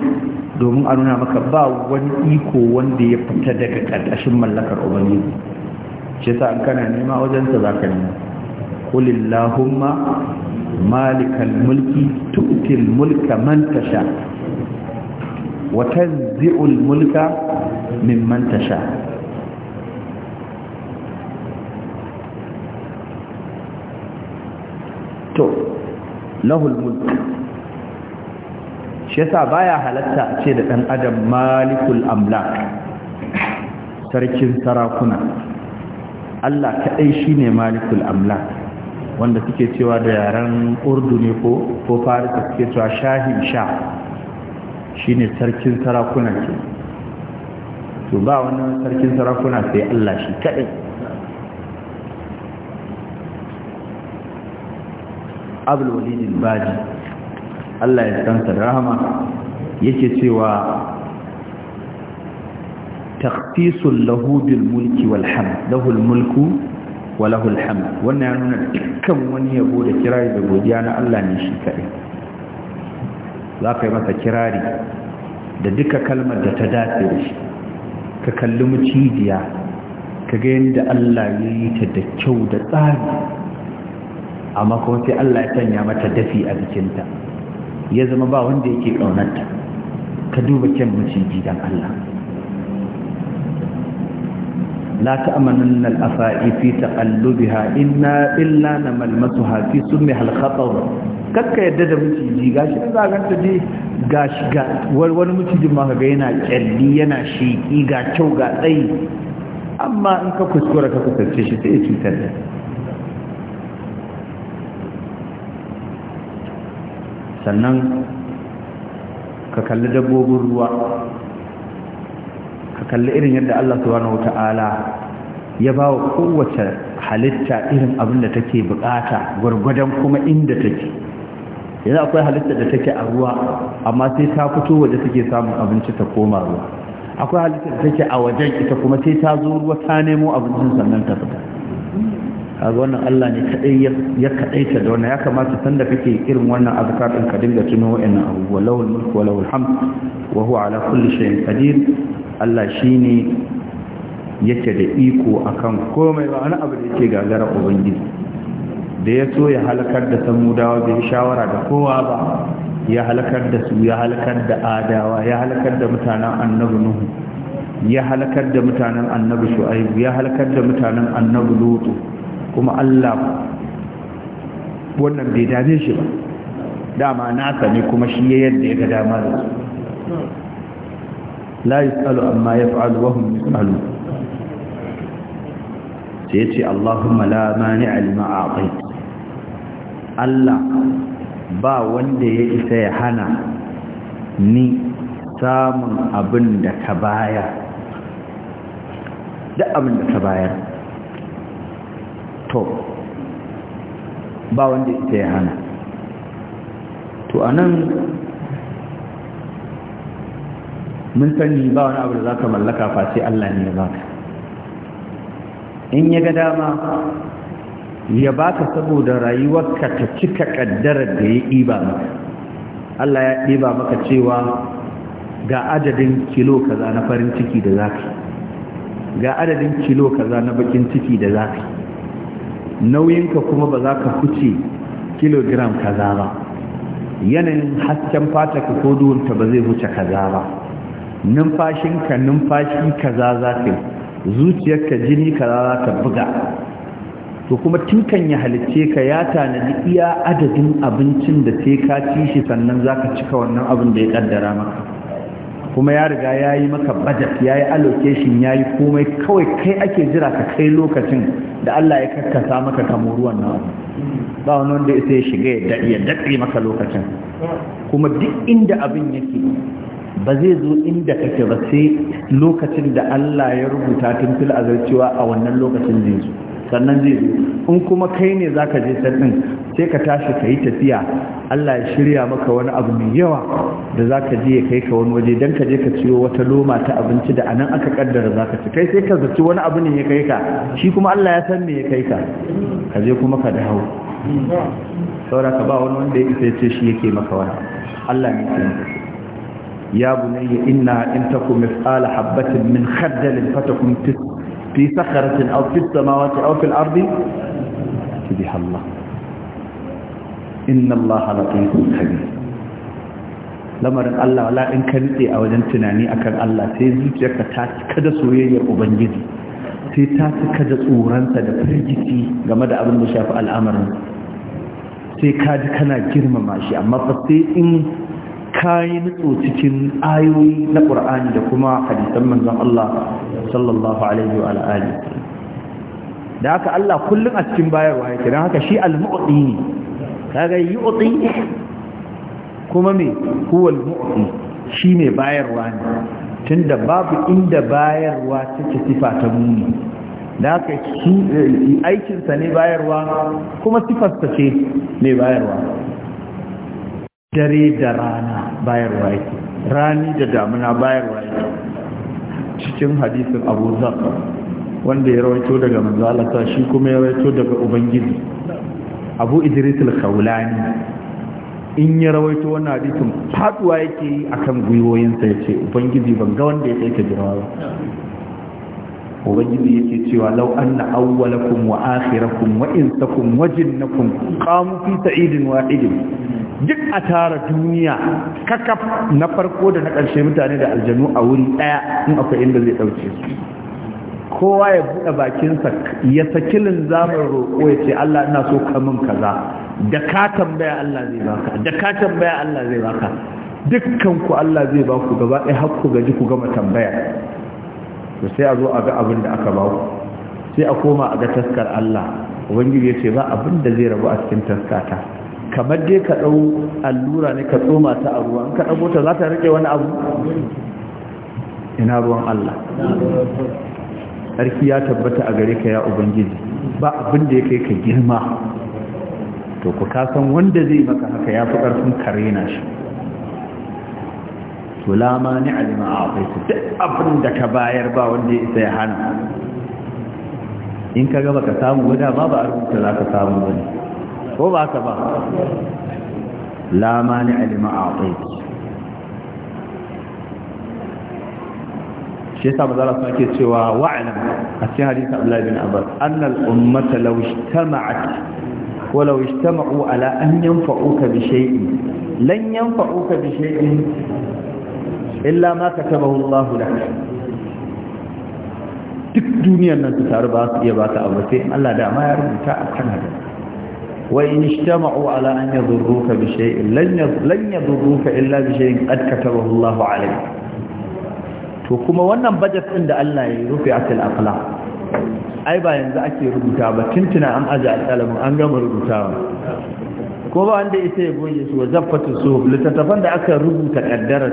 domin a nuna maka ba wani iko wanda ya fita daga ƙarƙashin mallakar ubangiji shi yasa an kana nema wajen sa zaka nema قل اللهم مالك الملك تؤتي الملك من تشاء وتنزع الملك ممن تشاء to lahul mulk shi yasa baya halarta ce da ɗan adam malikul amlak sarkin sarakuna Allah kaɗai shine malikul wanda suke cewa da yaren urdu ne ko farisa suke cewa shahin sha shine sarkin sarakuna ke to ba wani sarkin sarakuna sai Allah shi kaɗai abulwalidin baji Allah ya tsanta rahama yake cewa taktisun lahudin mulki walham lahul mulku walahul hamd wannan ya nuna dukkan wani yabo da kirari da godiya na Allah ne shi kaɗai za ka yi masa kirari da duka kalmar da ta dace da shi ka kalli mucijiya ka ga yadda Allah ya yi ta da kyau da tsari amma kuma sai Allah ya sanya mata dafi a jikinta ya zama ba wanda yake ƙaunarta ka duba kyan maciji don Allah لا تأمنن الأفاء في تقلبها إنا إلا نملمسها في سمها الخطر kakka yadda da miciji yarda da zaganta ji gashi ga wani micijin ma ga yana kyalli yana shiƙi, ga kyau ga tsayi amma in ka kuskura ka shi sannan ka kalli dabbobin ruwa kalli irin yadda Allah subhanahu wata'ala ya ba wa kowace halitta irin abin da take bukata gwargwadon kuma inda take yanzu akwai halitta da take a ruwa amma sai ta fito waje take samun abinci ta koma ruwa akwai halitta da take a wajen ita kuma sai ta zo ruwa ta nemo abincin sannan ta fita a wannan Allah ne kadai ya kadaita da wannan ya kamata sanda kake irin wannan azkar din ka dinga tuno wa'annan abubuwa lahul mulk wa lahul hamd wa huwa ala kulli shay'in qadir Allah shine yake da iko akan komai ba wani abu da yake gagara ubangiji da ya so ya halakar da samudawa bai shawara da kowa ba ya halakar da su ya halakar da adawa ya halakar da mutanen annabi nuhu ya halakar da mutanen annabi shu'aibu ya halakar da mutanen annabi lutu kuma Allah wannan bai dame shi ba dama nasa ne kuma shi ya yadda ya ga dama da su la yusalu amma yaf'alu wa hum yusalu sai yace Allahumma la mani'a lima a'tait Allah ba wanda ya isa ya hana ni samun abin da ka baya da abin da ka bayar to ba wanda ita ya hana to a nan mun sani ba wani abu da za ka mallaka face Allah ne ya baka in ya ga dama ya baka saboda rayuwarka ta cika kaddarar da ya ɗiba maka Allah ya ɗiba maka cewa ga adadin kilo kaza na farin ciki da zaka ga adadin kilo kaza na bakin ciki da zaka nauyinka kuma ba za ka kuce kilogram kaza ba yanayin hasken fata ka ko duwanta ba zai wuce kaza ba numfashinka numfashi kaza za ka zuciyarka jini kaza za ta buga to kuma tinkan ya halicce ka ya tanadi iya adadin abincin da ke ka ci shi sannan za ka cika wannan abin da ya kaddara maka kuma ya riga ya yi maka budget ya yi allocation ya yi komai kawai kai ake jira ka kai lokacin da Allah ya kakkasa maka kamar ruwan nan ba wani wanda ya sai shiga ya daɗi maka lokacin kuma duk inda abin yake ba zai zo inda kake ba sai lokacin da Allah ya rubuta tun fil azar a wannan lokacin zai zo sannan zai zo in kuma kai ne za ka je sannan sai ka tashi ka yi tafiya allah ya shirya maka wani abu mai yawa da za ka je ya kai ka wani waje don ka je ka ciwo wata loma ta abinci da anan aka kaddara za ka ci kai sai ka zaci wani abu ne ya kai ka shi kuma allah ya san me ya kai ka ka je kuma ka dawo saura ka ba wani wanda ya isa ce shi yake maka wani allah ne ke يا بني إنها إن تكن مثقال حبة من خردل فتكن في fi sakharatin aw fi samawati aw fil ardi subhanallah inna allaha latifun khabir lamarin Allah wala in ka nitse a wajen tunani akan Allah sai zuciyarka ta cika da soyayyar ubangiji sai ta cika da tsoronsa da firgici game da abin da shafi al'amarin sai ka ji kana girmama shi amma fa sai in kayi nutso cikin ayoyi na ƙur'ani da kuma hadisan manzan Allah sallallahu alaihi wa alihi da haka Allah kullum a cikin bayarwa yake don haka shi al-mu'ti ne kaga yu'ti kuma me huwa muti shi mai bayarwa ne tunda babu inda bayarwa take sifa ta muni da haka eh, aikinsa ne bayarwa kuma sifarsa ce mai bayarwa dare da rana bayarwa yake rani da damuna bayarwa yake cikin hadisin abu zaka wanda ya rawaito daga manzalata shi kuma ya rawaito daga ubangiji abu idris al in ya rawaito wannan hadisin faduwa yake yi akan gwiwoyinsa ya ce ubangiji ban ga wanda ya kai ta jirawa ba ubangiji yake cewa law anna awwalakum wa akhirakum wa insakum wa jinnakum qamu fi sa'idin wahidin duk a tara duniya kakaf na farko da na ƙarshe mutane da aljanu a wuri ɗaya in akwai inda zai ɗauke su kowa ya buɗe bakinsa ya saki linzamin roƙo ya ce Allah ina so ka min kaza da ka tambaya Allah zai baka da ka tambaya Allah zai baka dukkan ku Allah zai baku gaba ɗaya har ku gaji ku gama tambaya to sai a zo a ga abin da aka bawo sai a koma a ga taskar Allah ubangiji ya ce ba abin da zai rabu a cikin taskata kamar dai ka dau allura ne ka tsoma ta a ruwa in ka dago ta za ta rike wani abu ina ruwan Allah sarki ya tabbata a gare ka ya ubangiji ba abin da ya ka girma to ku kasan wanda zai maka haka ya fi ƙarfin kare na shi to la mani alima a abaita duk abin da ka bayar ba wanda ya isa ya hana in ka gaba ka samu guda ma ba a rubuta za ka samu wani ko ba ka ba la mani alima a abaita shi yasa maza Allah ke cewa wa'lam a cikin hadisi Abdullah bin Abbas annal ummata law ijtama'at wa law ijtama'u ala an yanfa'uka bi shay'in lan yanfa'uka bi shay'in illa ma katabahu Allah lak duk duniyar nan ta taru ba su iya ba ka abu sai Allah da ma ya rubuta a kan haka wa in ijtama'u ala an yadurruka bi shay'in lan lan yadurruka illa bi shay'in qad katabahu Allah alayk to kuma wannan budget din da Allah ya rufe a atil aqlaq ai ba yanzu ake rubuta ba tuntuna an aje alƙalamin an gama rubutawa ko ba wanda ita ya goye su wa zaffatu su littattafan da aka rubuta kaddara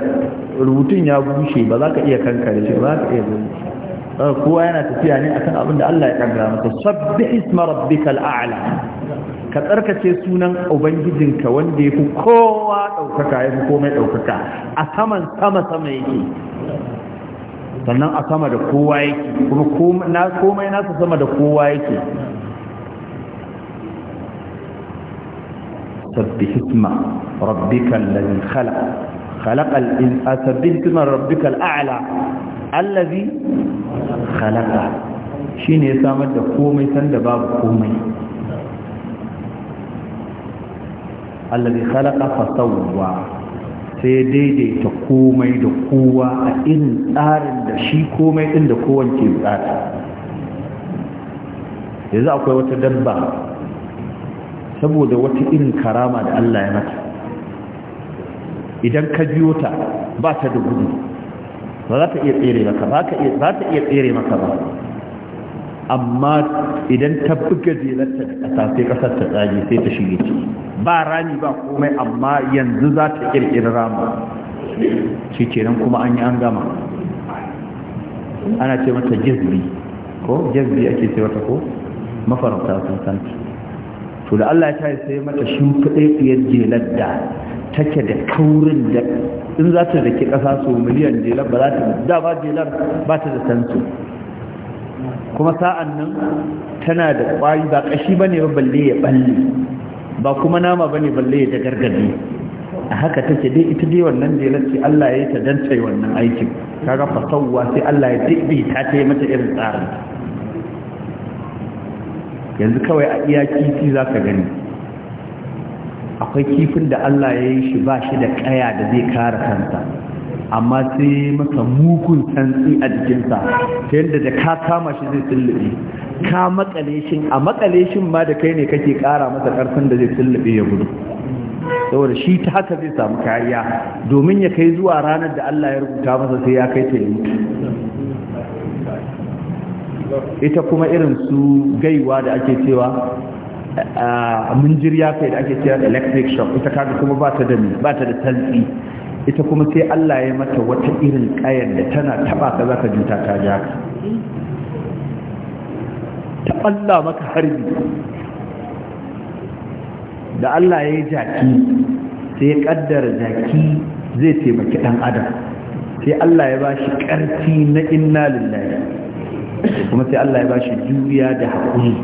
rubutun ya bushe ba za ka iya kankare shi ba za ka iya goye kowa yana tafiya ne akan abin da Allah ya kaddara masa sabbi isma rabbikal a'la ka tsarkace sunan ubangijinka wanda ya fi kowa ɗaukaka ya fi komai ɗaukaka a saman sama sama yake sannan a sama da kowa yake kuma komai nasa sama da kowa yake سبح اسم ربك الذي خلق خلق سبح اسم ربك الأعلى الذي خلق شين يسامد قومي سندباب قومي الذي خلق فسوى daidai ta komai da kowa a irin tsarin da shi komai din da kowance tsari yanzu akwai wata dabba saboda wata irin karama da Allah ya mata idan ka biyo ta ba ta da gudu ba za ta iya tsere maka ba ta iya tsere maka ba amma idan ta buga jelarta da ƙasa sai ƙasar ta tsage sai ta shige ciki ba rami ba komai amma yanzu za ta ƙirƙiri rama shi kenan kuma an yi an gama ana ce mata jizbi ko jizbi ake ce wata ko mafarauta sun santa to da Allah ya tayi sai mata shimfiɗaɗɗiyar jelar da take da kaurin da in za ta dake ƙasa so miliyan jelar ba za ta da ba jelar ba ta da tantu kuma sa'an nan tana da ƙwari ba ƙashi ba ne ba balle ya balle ba kuma nama ba ne balle ya dagargaje a haka take dai ita dai wannan jelar ce Allah ya yi ta dantsa wannan aikin kaga fasawa sai Allah ya daidaita ta yi mata irin tsarin yanzu kawai a iya kifi za ka gani akwai kifin da Allah ya yi shi ba shi da kaya da zai kara kansa amma sai maka mugun santsi a jikinsa ta yadda da ka kama shi zai tullube ka makale shi a makale shi ma da kai ne kake kara masa karfin da zai tullube ya gudu saboda shi ta haka zai samu kariya domin ya kai zuwa ranar da Allah ya rubuta masa sai ya kai ta yi ita kuma irin su gaiwa da ake cewa munjiriya kai da ake cewa electric shock ita kaga kuma ba ta da ba ta da talfi ita kuma sai Allah ya mata wata irin kayan da tana taba ka zaka juta ta ja ka ta Allah maka harbi da Allah ya yi jaki sai ya kaddara jaki zai taimaki dan adam sai Allah ya ba shi karfi na inna lillahi kuma sai Allah ya ba shi juriya da haƙuri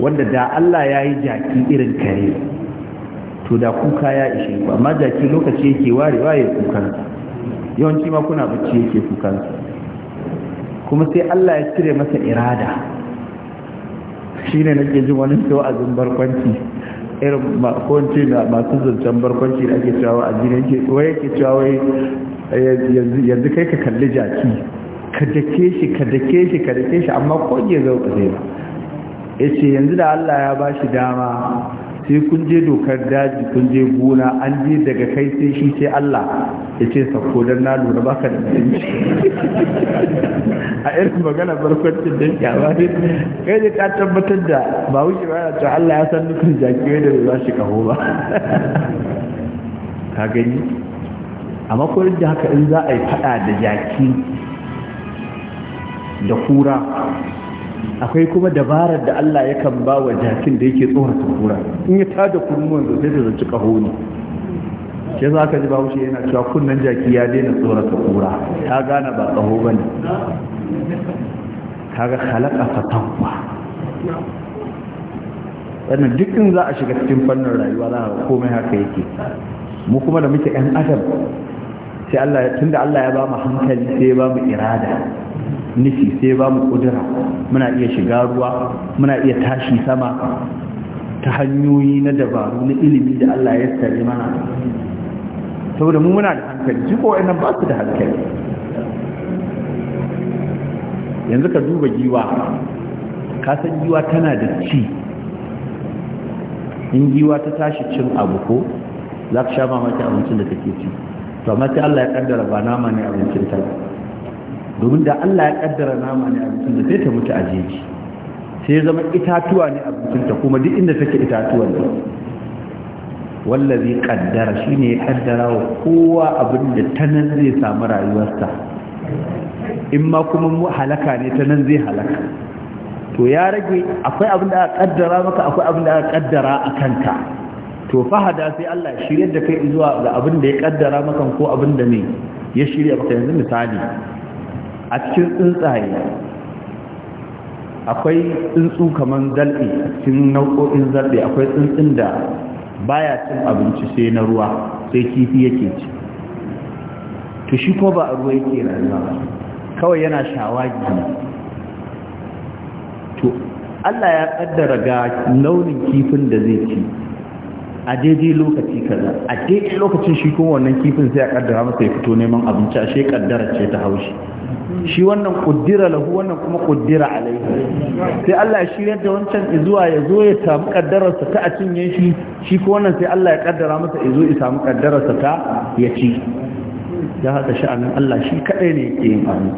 wanda da Allah ya yi jaki irin kare to da kuka ya ishe ku amma jaki lokaci yake ware ya kukan yawanci ma kuna bacci yake kukan kuma sai Allah ya cire masa irada shi ne nake jin wani wa'azin barkwanci irin makonci na masu zancen barkwanci da ake cewa a jini wai yake cewa wai yanzu kai ka kalli jaki ka dake shi ka dake shi ka dake shi amma koge zau kare ba ya ce yanzu da Allah ya ba shi dama sai kun je dokar daji kun je gona an je daga kai sai shi sai Allah ya ce sako don na lura baka da mutunci a irin magana barkwancin don kyawa ne kai ne ka tabbatar da ba wuce ba ta Allah ya san nufin jaki da bai ba shi kaho ba ka gani amma ko da haka in za a yi fada da jaki da kura akwai kuma dabarar da Allah ya kan ba wa jakin da yake tsorata kura in ya tada kurmuwan da sai da zanci kaho ne ke za ka ji ba wuce yana cewa kunnan jaki ya daina tsorata kura ta gane ba kaho ba ne kaga halaka fatanwa wannan dukkan za a shiga cikin fannin rayuwa za a komai haka yake mu kuma da muke yan adam sai Allah tunda Allah ya ba mu hankali sai ya ba mu irada nufi sai ba mu kudura muna iya shiga ruwa muna iya tashi sama ta hanyoyi na dabaru na ilimi da Allah ya tsare mana saboda mu muna da hankali jiko wa'annan ba su da hankali yanzu ka duba giwa ka san giwa tana da ci in giwa ta tashi cin abu ko za ka sha mamaki abincin da kake ci to amma sai Allah ya kaddara ba nama ne abincin ta domin da Allah ya kaddara nama ne abincin da sai ta mutu a jeji sai zama itatuwa ne ta, kuma duk inda take itatuwa ne wallazi kaddara shine ya kaddara wa kowa abin da ta nan zai samu rayuwarsa in ma kuma halaka ne ta nan zai halaka to ya rage akwai abin da aka kaddara maka akwai abin da aka kaddara a kanka to fahada sai Allah shirye da kai zuwa ga abin da ya kaddara maka ko abin da ne ya shirya maka yanzu misali a cikin tsuntsaye akwai tsuntsu kamar zalɓe a cikin nau'o'in zalɓe akwai tsuntsun da baya cin abinci sai na ruwa sai kifi yake ci to shi ko ba a ruwa yake rayuwa kawai yana shawagi to Allah ya kaddara ga launin kifin da zai ci a daidai lokaci kaza a daidai lokacin shi kuma wannan kifin sai a kaddara masa ya fito neman abinci a shi kaddara ce ta haushi shi wannan kuddira lahu wannan kuma kuddira alaihi sai Allah ya shirya da wancan izuwa ya zo ya samu kaddararsa ta a cinye shi shi ko wannan sai Allah ya kaddara masa ya zo ya samu kaddararsa ta ya ci ya haka sha'anin Allah shi kadai ne yake yin abu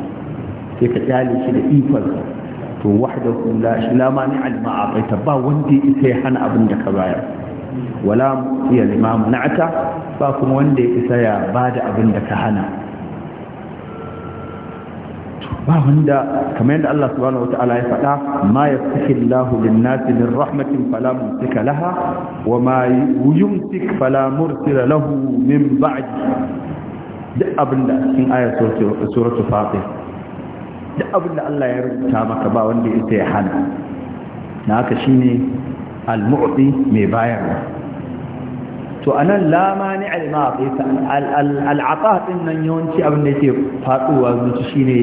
sai ka tsale shi da ikonsa to wahdahu la shi la mani al ba wanda ya hana abin da ka bayar wala iya limamu na'ata ba kuma wanda ya isa ya ba da abin da ka hana ba wanda kamar yadda Allah subhanahu wata'ala ya faɗa ma ya suke lahu linnasi min rahmatin fala mumsika laha wa ma yumsik fala mursila lahu min ba'di duk abin da cikin ayar suratu fatir duk abin da Allah ya rubuta maka ba wanda ya isa ya hana na haka shine al-mu'ti mai bayarwa to anan la mani al-ma'ti al-ata din nan yawanci abin da yake faduwa zuci shine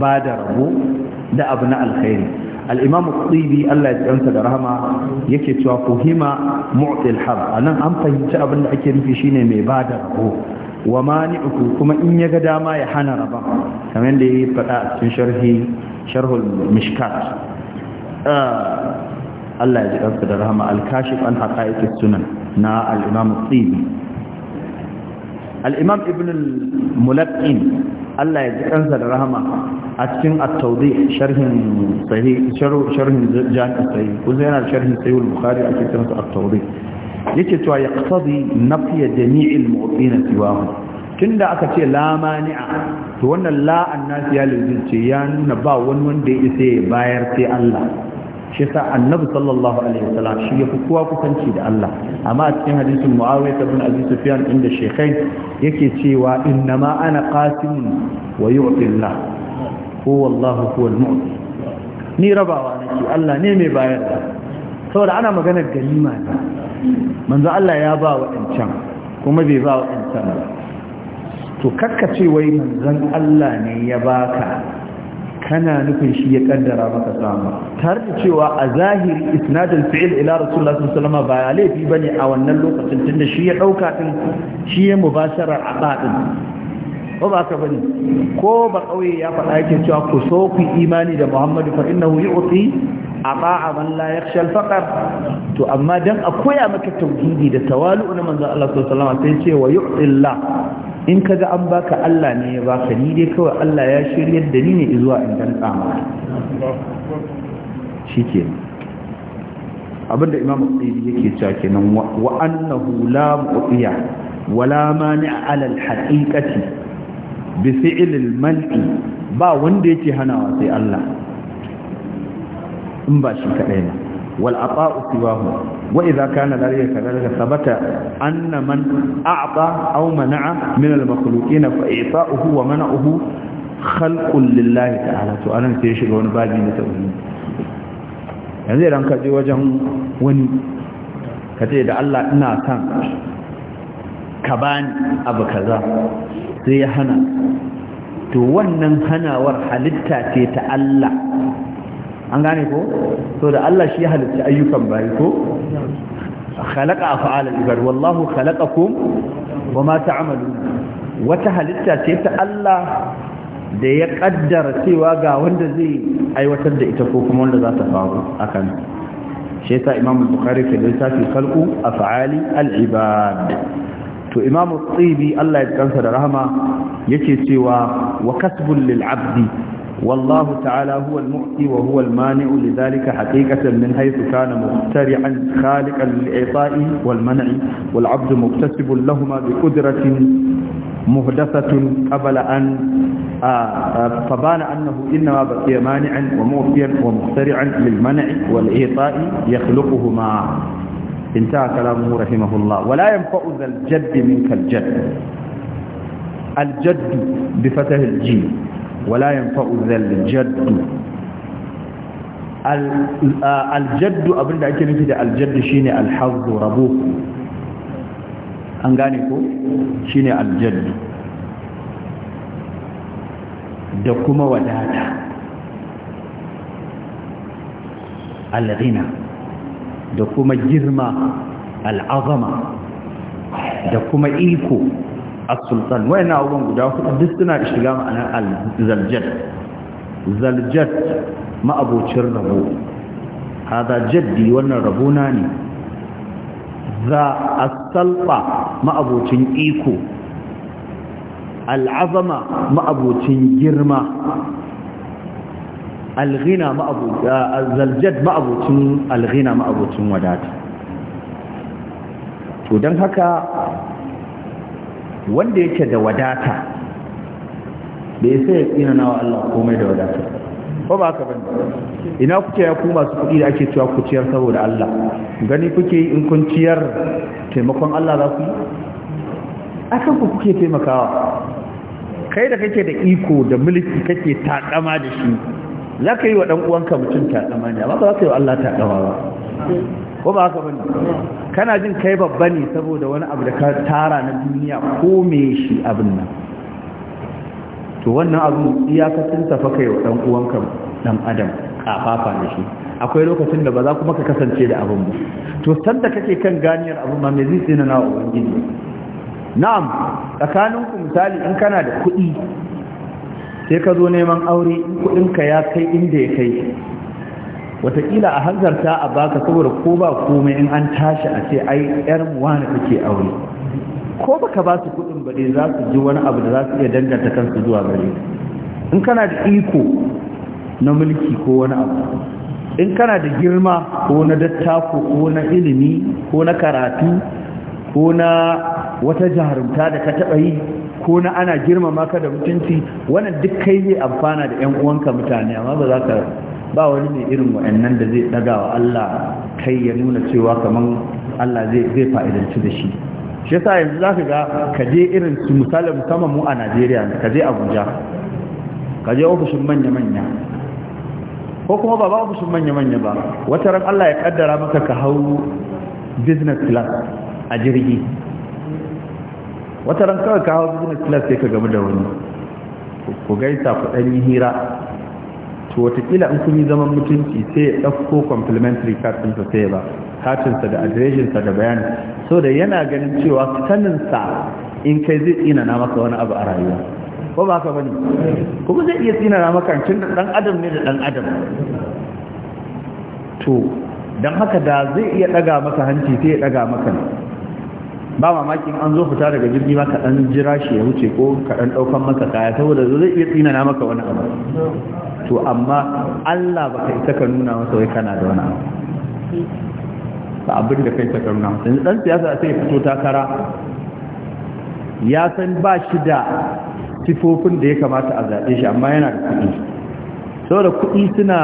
ba da rabo da abu na alkhairi al-imam al Allah ya tsanta da rahama yake cewa fuhima mu'ti al-hab anan an fahimci abin da ake nufi shine mai ba da rabo wa mani'uku kuma in ya ga dama ya hana raba kamar da ya faɗa a cikin sharhi sharhul mishkat ah, Allah ya ji kansa da rahama al-kashif an haqa'iqis sunan na al-imam at-tibi ibn al-mulaqqin Allah ya ji kansa da rahama a cikin at sharhin sahih sharhin kusa sahih kuma yana sharhin sahih al-bukhari a cikin at Ya yace to yaqtadi nafiy jami'i al-mu'tina siwahu tunda aka ce lamani'a, to wannan la annasiya lil ya nuna ba wani wanda ya isa bayar sai Allah shi sa annabi sallallahu alaihi wasallam shi ya fi kowa kusanci da Allah amma a cikin hadisin Muawiya ibn Abi Sufyan inda shekai yake cewa inna ma ana qasimun wa yu'ti Allah ko Allah huwa al-mu'ti ni rabawa nake Allah ne mai bayar da saboda ana maganar ganima ne manzo Allah ya ba waɗancan kuma bai ba waɗancan ba to kakkace wai manzon Allah ne ya baka kana nufin shi ya kaddara maka samu tare da cewa a zahiri isnadul fi'il ila rasulullah sallallahu alaihi ba laifi bane a wannan lokacin tunda shi ya dauka din shi ya mubashara a dadin ko ba ka bane ko ba kauye ya faɗa yake cewa ku so ku imani da Muhammadu fa innahu yu'ti ata'a man la yakhsha al-faqr to amma dan akwai a maka tauhidi da tawalu na manzon Allah sallallahu alaihi wasallam sai ce wa yu'ti Allah in kaga an baka Allah ne ya baka ni dai kawai Allah ya shirya da ni ne zuwa in dan tsama shike abinda imam Qasidi yake cewa kenan wa annahu la mu'tiya wala mani'a ala al-haqiqati bi fi'ilil man'i ba wanda yake hanawa sai Allah in ba shi kadai ba wal ata'u siwahu wa idza kana dhalika kadhalika thabata anna man a'ta aw mana'a min al makhluqina fa i'ta'uhu wa mana'uhu khalqun lillahi ta'ala to anan sai shiga wani babi na tauhid yanzu idan ka je wajen wani ka ce da Allah ina san ka bani abu kaza sai ya hana to wannan hanawar halitta ce ta Allah an gane ko so da Allah shi halitta ayyukan bayi ko khalaqa af'al al-ibad wallahu khalaqakum wama ta'malun wata halitta ce ta Allah da ya kaddara cewa ga wanda zai aiwatar da ita ko kuma wanda za ta faru akan shi yasa imam bukhari ke lissafi khalqu af'ali al-ibad to imam tsibi Allah ya kansa da rahama yake cewa wa lil abdi والله تعالى هو المعطي وهو المانع لذلك حقيقة من حيث كان مخترعا خالقا للإعطاء والمنع والعبد مكتسب لهما بقدرة مهدثة قبل أن فبان أنه إنما بقي مانعا ومعطيا ومخترعا للمنع والإعطاء يخلقهما انتهى كلامه رحمه الله ولا ينفع ذا الجد منك الجد الجد بفتح الجيم ولا ينفؤذ الجد آه، الجد ابن دعيكي نفيد الجد شيني الحظ ربوك انغانيكو شيني الجد دكوما وداتا الغنى da kuma girma al'azama da kuma iko as-sultan wayannan abubuwan guda hudu duk suna shiga ma'anar al-zaljad zaljad ma'abocin rabo hada jaddi wannan rabona ne za a salfa ma'abocin iko al'azama ma'abocin girma alghina ma'abuta zaljad ma'abucin alghina ma'abucin wadata to don haka wanda yake da wadata sai ya tsina na wa Allah komai da wadata ko ba ka bane ina kuke ya ku masu kuɗi da ake cewa ku ciyar saboda Allah gani kuke in kun ciyar taimakon Allah za ku yi akan ku kuke taimakawa kai da kake da iko da mulki kake takama da shi za ka yi wa ɗan uwanka mutum taɗama ne amma ba za ka yi wa Allah taɗama ba ko ba haka bane kana jin kai babba ne saboda wani abu da ka tara na duniya ko me shi abin nan to wannan abu iyakacin fa kai wa ɗan ɗan adam kafafa da shi akwai lokacin da ba za kuma ka kasance da abin ba to sanda kake kan ganiyar abu ma mai zai tsina na ubangiji na'am tsakaninku misali in kana da kuɗi sai ka zo neman aure kudinka ya kai inda ya kai watakila a hanzarta a baka saboda ko ba komai in an tashi a ce ai yar wani kake aure ko baka ba su kudin ba dai za su ji wani abu da za su iya danganta kansu zuwa gare in kana da iko na mulki ko wani abu in kana da girma ko na dattako ko na ilimi ko na karatu ko na wata jarumta da ka taɓa yi ko na ana girmama ka da mutunci wannan duk kai zai amfana da 'yan uwanka mutane amma ba za ka ba wani ne irin wa'annan da zai daga wa Allah kai ya nuna cewa kaman Allah zai zai fa'idanci da shi shi yasa yanzu za ka ga ka je irin su misali musamman mu a Najeriya ka je Abuja ka je ofishin manya-manya ko kuma ba ba ofishin manya-manya ba wata ran Allah ya kaddara maka ka hau business class a jirgi wata ran kawai kawo business class sai ka gamu da wani ku gaisa ku ɗan yi hira to watakila in kun yi zaman mutunci sai ya ɗauko complimentary card ɗinsa sai ya ba katinsa da adireshinsa da bayani so da yana ganin cewa saninsa in kai zai tsina na maka wani abu a rayuwa ko ba ka bane kuma zai iya tsina na maka tun da ɗan adam ne da ɗan adam to don haka da zai iya ɗaga maka hanci sai ya ɗaga maka ba mamakin an zo fita daga jirgi ma ka dan jira shi ya wuce ko ka dan daukan maka kaya saboda zai iya tsinana maka wani abu to amma Allah baka isa ka nuna masa wai kana da wani abu ba abin da kai ka nuna masa dan siyasa sai ya fito takara ya san ba shi da sifofin da ya kamata a zaɓe shi amma yana da kuɗi saboda kuɗi suna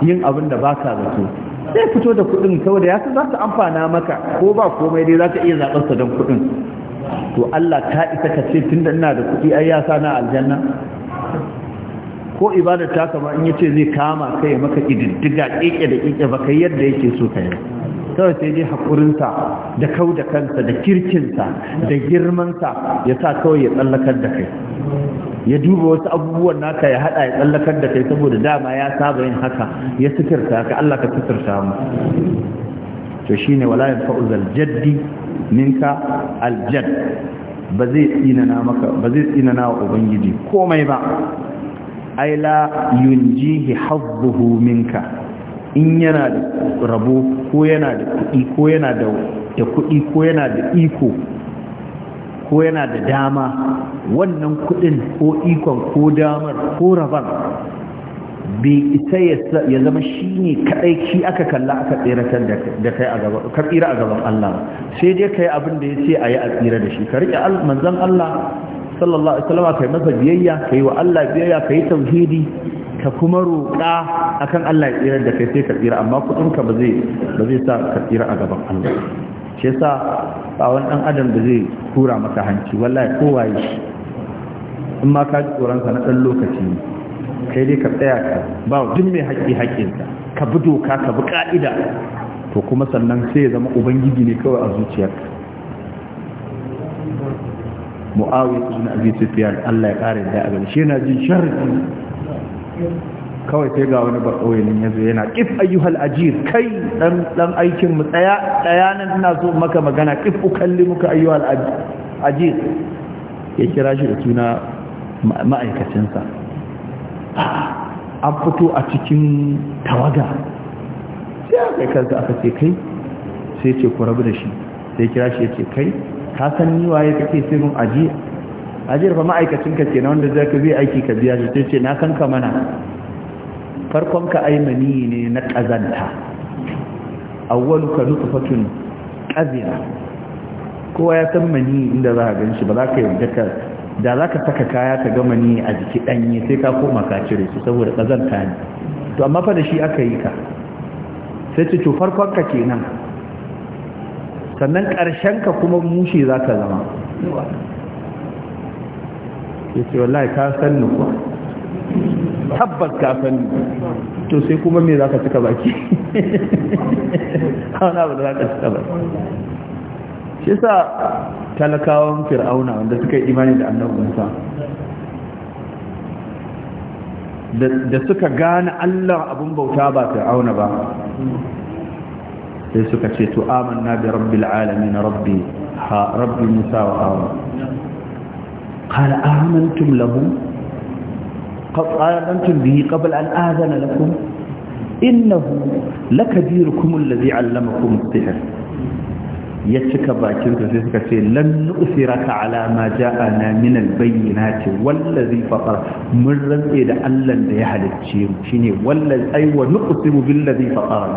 yin abin da baka zato sai fito da kuɗin saboda ya za ta amfana maka ko ba komai dai za ka iya zaɓarsa don kuɗin to Allah ta isa ka ce tun da ina da kuɗi ai ya sa na aljanna ko ibada ta kama in yace zai kama kai maka kididdiga kike da kike ba kai yadda yake so kai kawai sai dai hakurinsa da kau da kansa da kirkinsa da girmansa ya sa kawai ya tsallakar da kai ya duba wasu abubuwan naka ya haɗa ya tsallakar da kai saboda dama ya saba yin haka ya suturta ka Allah ka suturta mu to shine wala yanfa'u zal jaddi minka al ba zai tsinana maka ba zai wa ubangiji komai ba aila la yunjihi hazzuhu minka in yana da rabo ko yana da kuɗi ko yana da kuɗi ko yana da iko ko yana da dama wannan kuɗin ko ikon ko damar ko rabar bai isa ya zama shi ne kaɗai shi aka kalla aka tseratar da kai a tsira a gaban Allah sai dai kai abin da ya ce a yi a tsira da shi ka riƙe manzan Allah sallallahu alaihi wasallam kai masa biyayya kai wa Allah biyayya kai tauhidi ka kuma roƙa akan Allah ya tsira da kai sai ka tsira amma kudin ka ba zai ba zai sa ka tsira a gaban Allah shi yasa ba wani dan adam da zai kura maka hanci wallahi kowa yi in ma ka ji tsoronsa na ɗan lokaci ne kai dai ka tsaya ka ba duk mai haƙƙi haƙƙinsa ka bi doka ka bi ƙa'ida to kuma sannan sai ya zama ubangiji ne kawai a zuciyarka mu'awi ibn abi sufyan Allah ya kare da abin shi yana jin sharri kawai sai ga wani bakawai nan yazo yana kif ayyuhal ajir kai dan dan aikin mu tsaya tsaya nan ina so maka magana kif ukallimuka ayyuhal ajir ya kira shi da suna ma'aikacinsa an fito a cikin tawaga sai a kai aka ce kai sai ce ku rabu da shi sai kira shi ya ce kai ka san ni waye kake sirrin ajiya ajiyar fa ma'aikacinka ke na wanda zai ka zai aiki ka biya shi sai ce na san ka mana farkon ka aimani ne na ƙazanta awwalu ka nutfatun ƙazira kowa ya san mani inda za a gan shi ba za ka yarda da za ka saka kaya ta gama ni a jiki ɗanye sai ka koma ka cire su saboda ƙazanta ne to amma fa da shi aka yi ka sai ce farkon ka kenan sannan ƙarshen ka kuma mushe za ka zama ya ce wallahi ka san ni kuwa tabbas ka san ni to sai kuma me za ka cika baki (laughs) abu ba za ka cika baki shi yasa talakawan fir'auna wanda suka yi imani da annabi Musa da suka gane Allah abun bauta ba fir'auna ba sai suka ce to amanna bi rabbi rabbil na rabbi ha rabbi Musa wa Harun qala amantum lahu qad amantum bihi qabla an adana lakum innahu lakabirukum alladhi allamakum as-sihr ya cika bakinsa sai suka ce lan usiraka ala ma ja'ana min albayyinati wallazi fatar mun rantse da Allah da ya halicce mu shine wallazi ay wa nuqsimu billazi fatar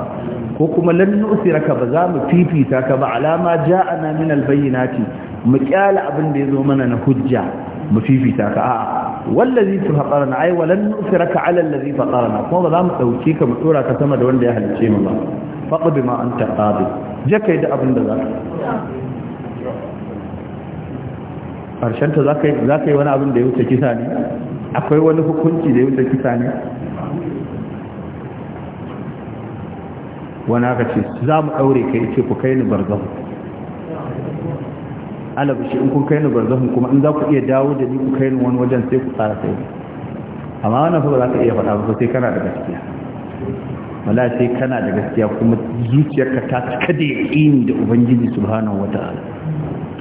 ko kuma lan ka ba za mu fifita ka ba ala ma ja'ana min albayyinati mu kyala abin da ya zo mana na hujja mu fifita ka a'a wallazi tu haƙarana ai walan nusiraka ala allazi faqarana kuma ba za mu dauke ka mu tura ka sama da wanda ya halice mu ba faqdi ma anta qadi je kai da abin da za ka karshen ta zaka zaka wani abin da ya wuce kisa ne akwai wani hukunci da ya wuce kisa ne wani aka ce za mu daure kai ce ku kai ni barzahu alabashi in kun kai ni barzahun kuma in za ku iya dawo da ni ku kai ni wani wajen sai ku tsara sai amma wannan fa ba za ka iya faɗa ba sai kana da gaskiya wala sai kana da gaskiya kuma zuciyarka ta cika da yaƙini da ubangiji subhanahu wata'ala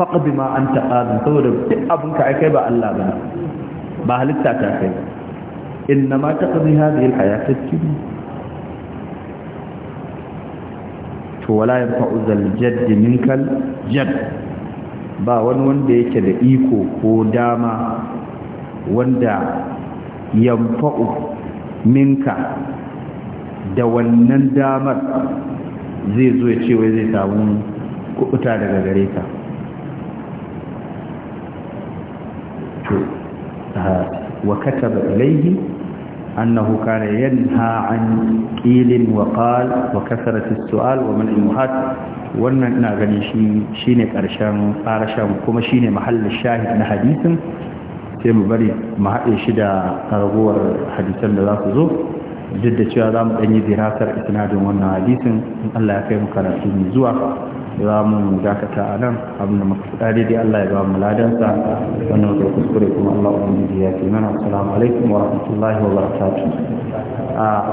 faqa bima anta qadin saboda duk abin ka ai kai ba Allah ba ba halitta ta kai inna ma taqdi hadhihi alhayat ad-dunya to wala yanfa'u zal jadd minkal jadd ba wani wanda yake da iko ko dama wanda yamfa'u minka da wannan damar zai zo ya wai zai samu kubuta daga gare ka wa kataba ilayhi أنه كان ينهى ƙilin قيل وقال وكثرة wa ومنع المحاد wannan ina gani shi shine karshen farashan kuma shine mahallin shahid na hadisin sai mu bari mu haɗe shi da ragowar hadisan da za su zo duk da cewa za mu ɗan yi ziratar isnadin wannan hadisin in Allah ya kai mu karatu mai zuwa za mu dakata a nan abin da muka Allah ya ba mu ladansa wannan da kuskure kuma Allah ubangiji ya ke mana assalamu alaikum wa rahmatullahi wa barakatuh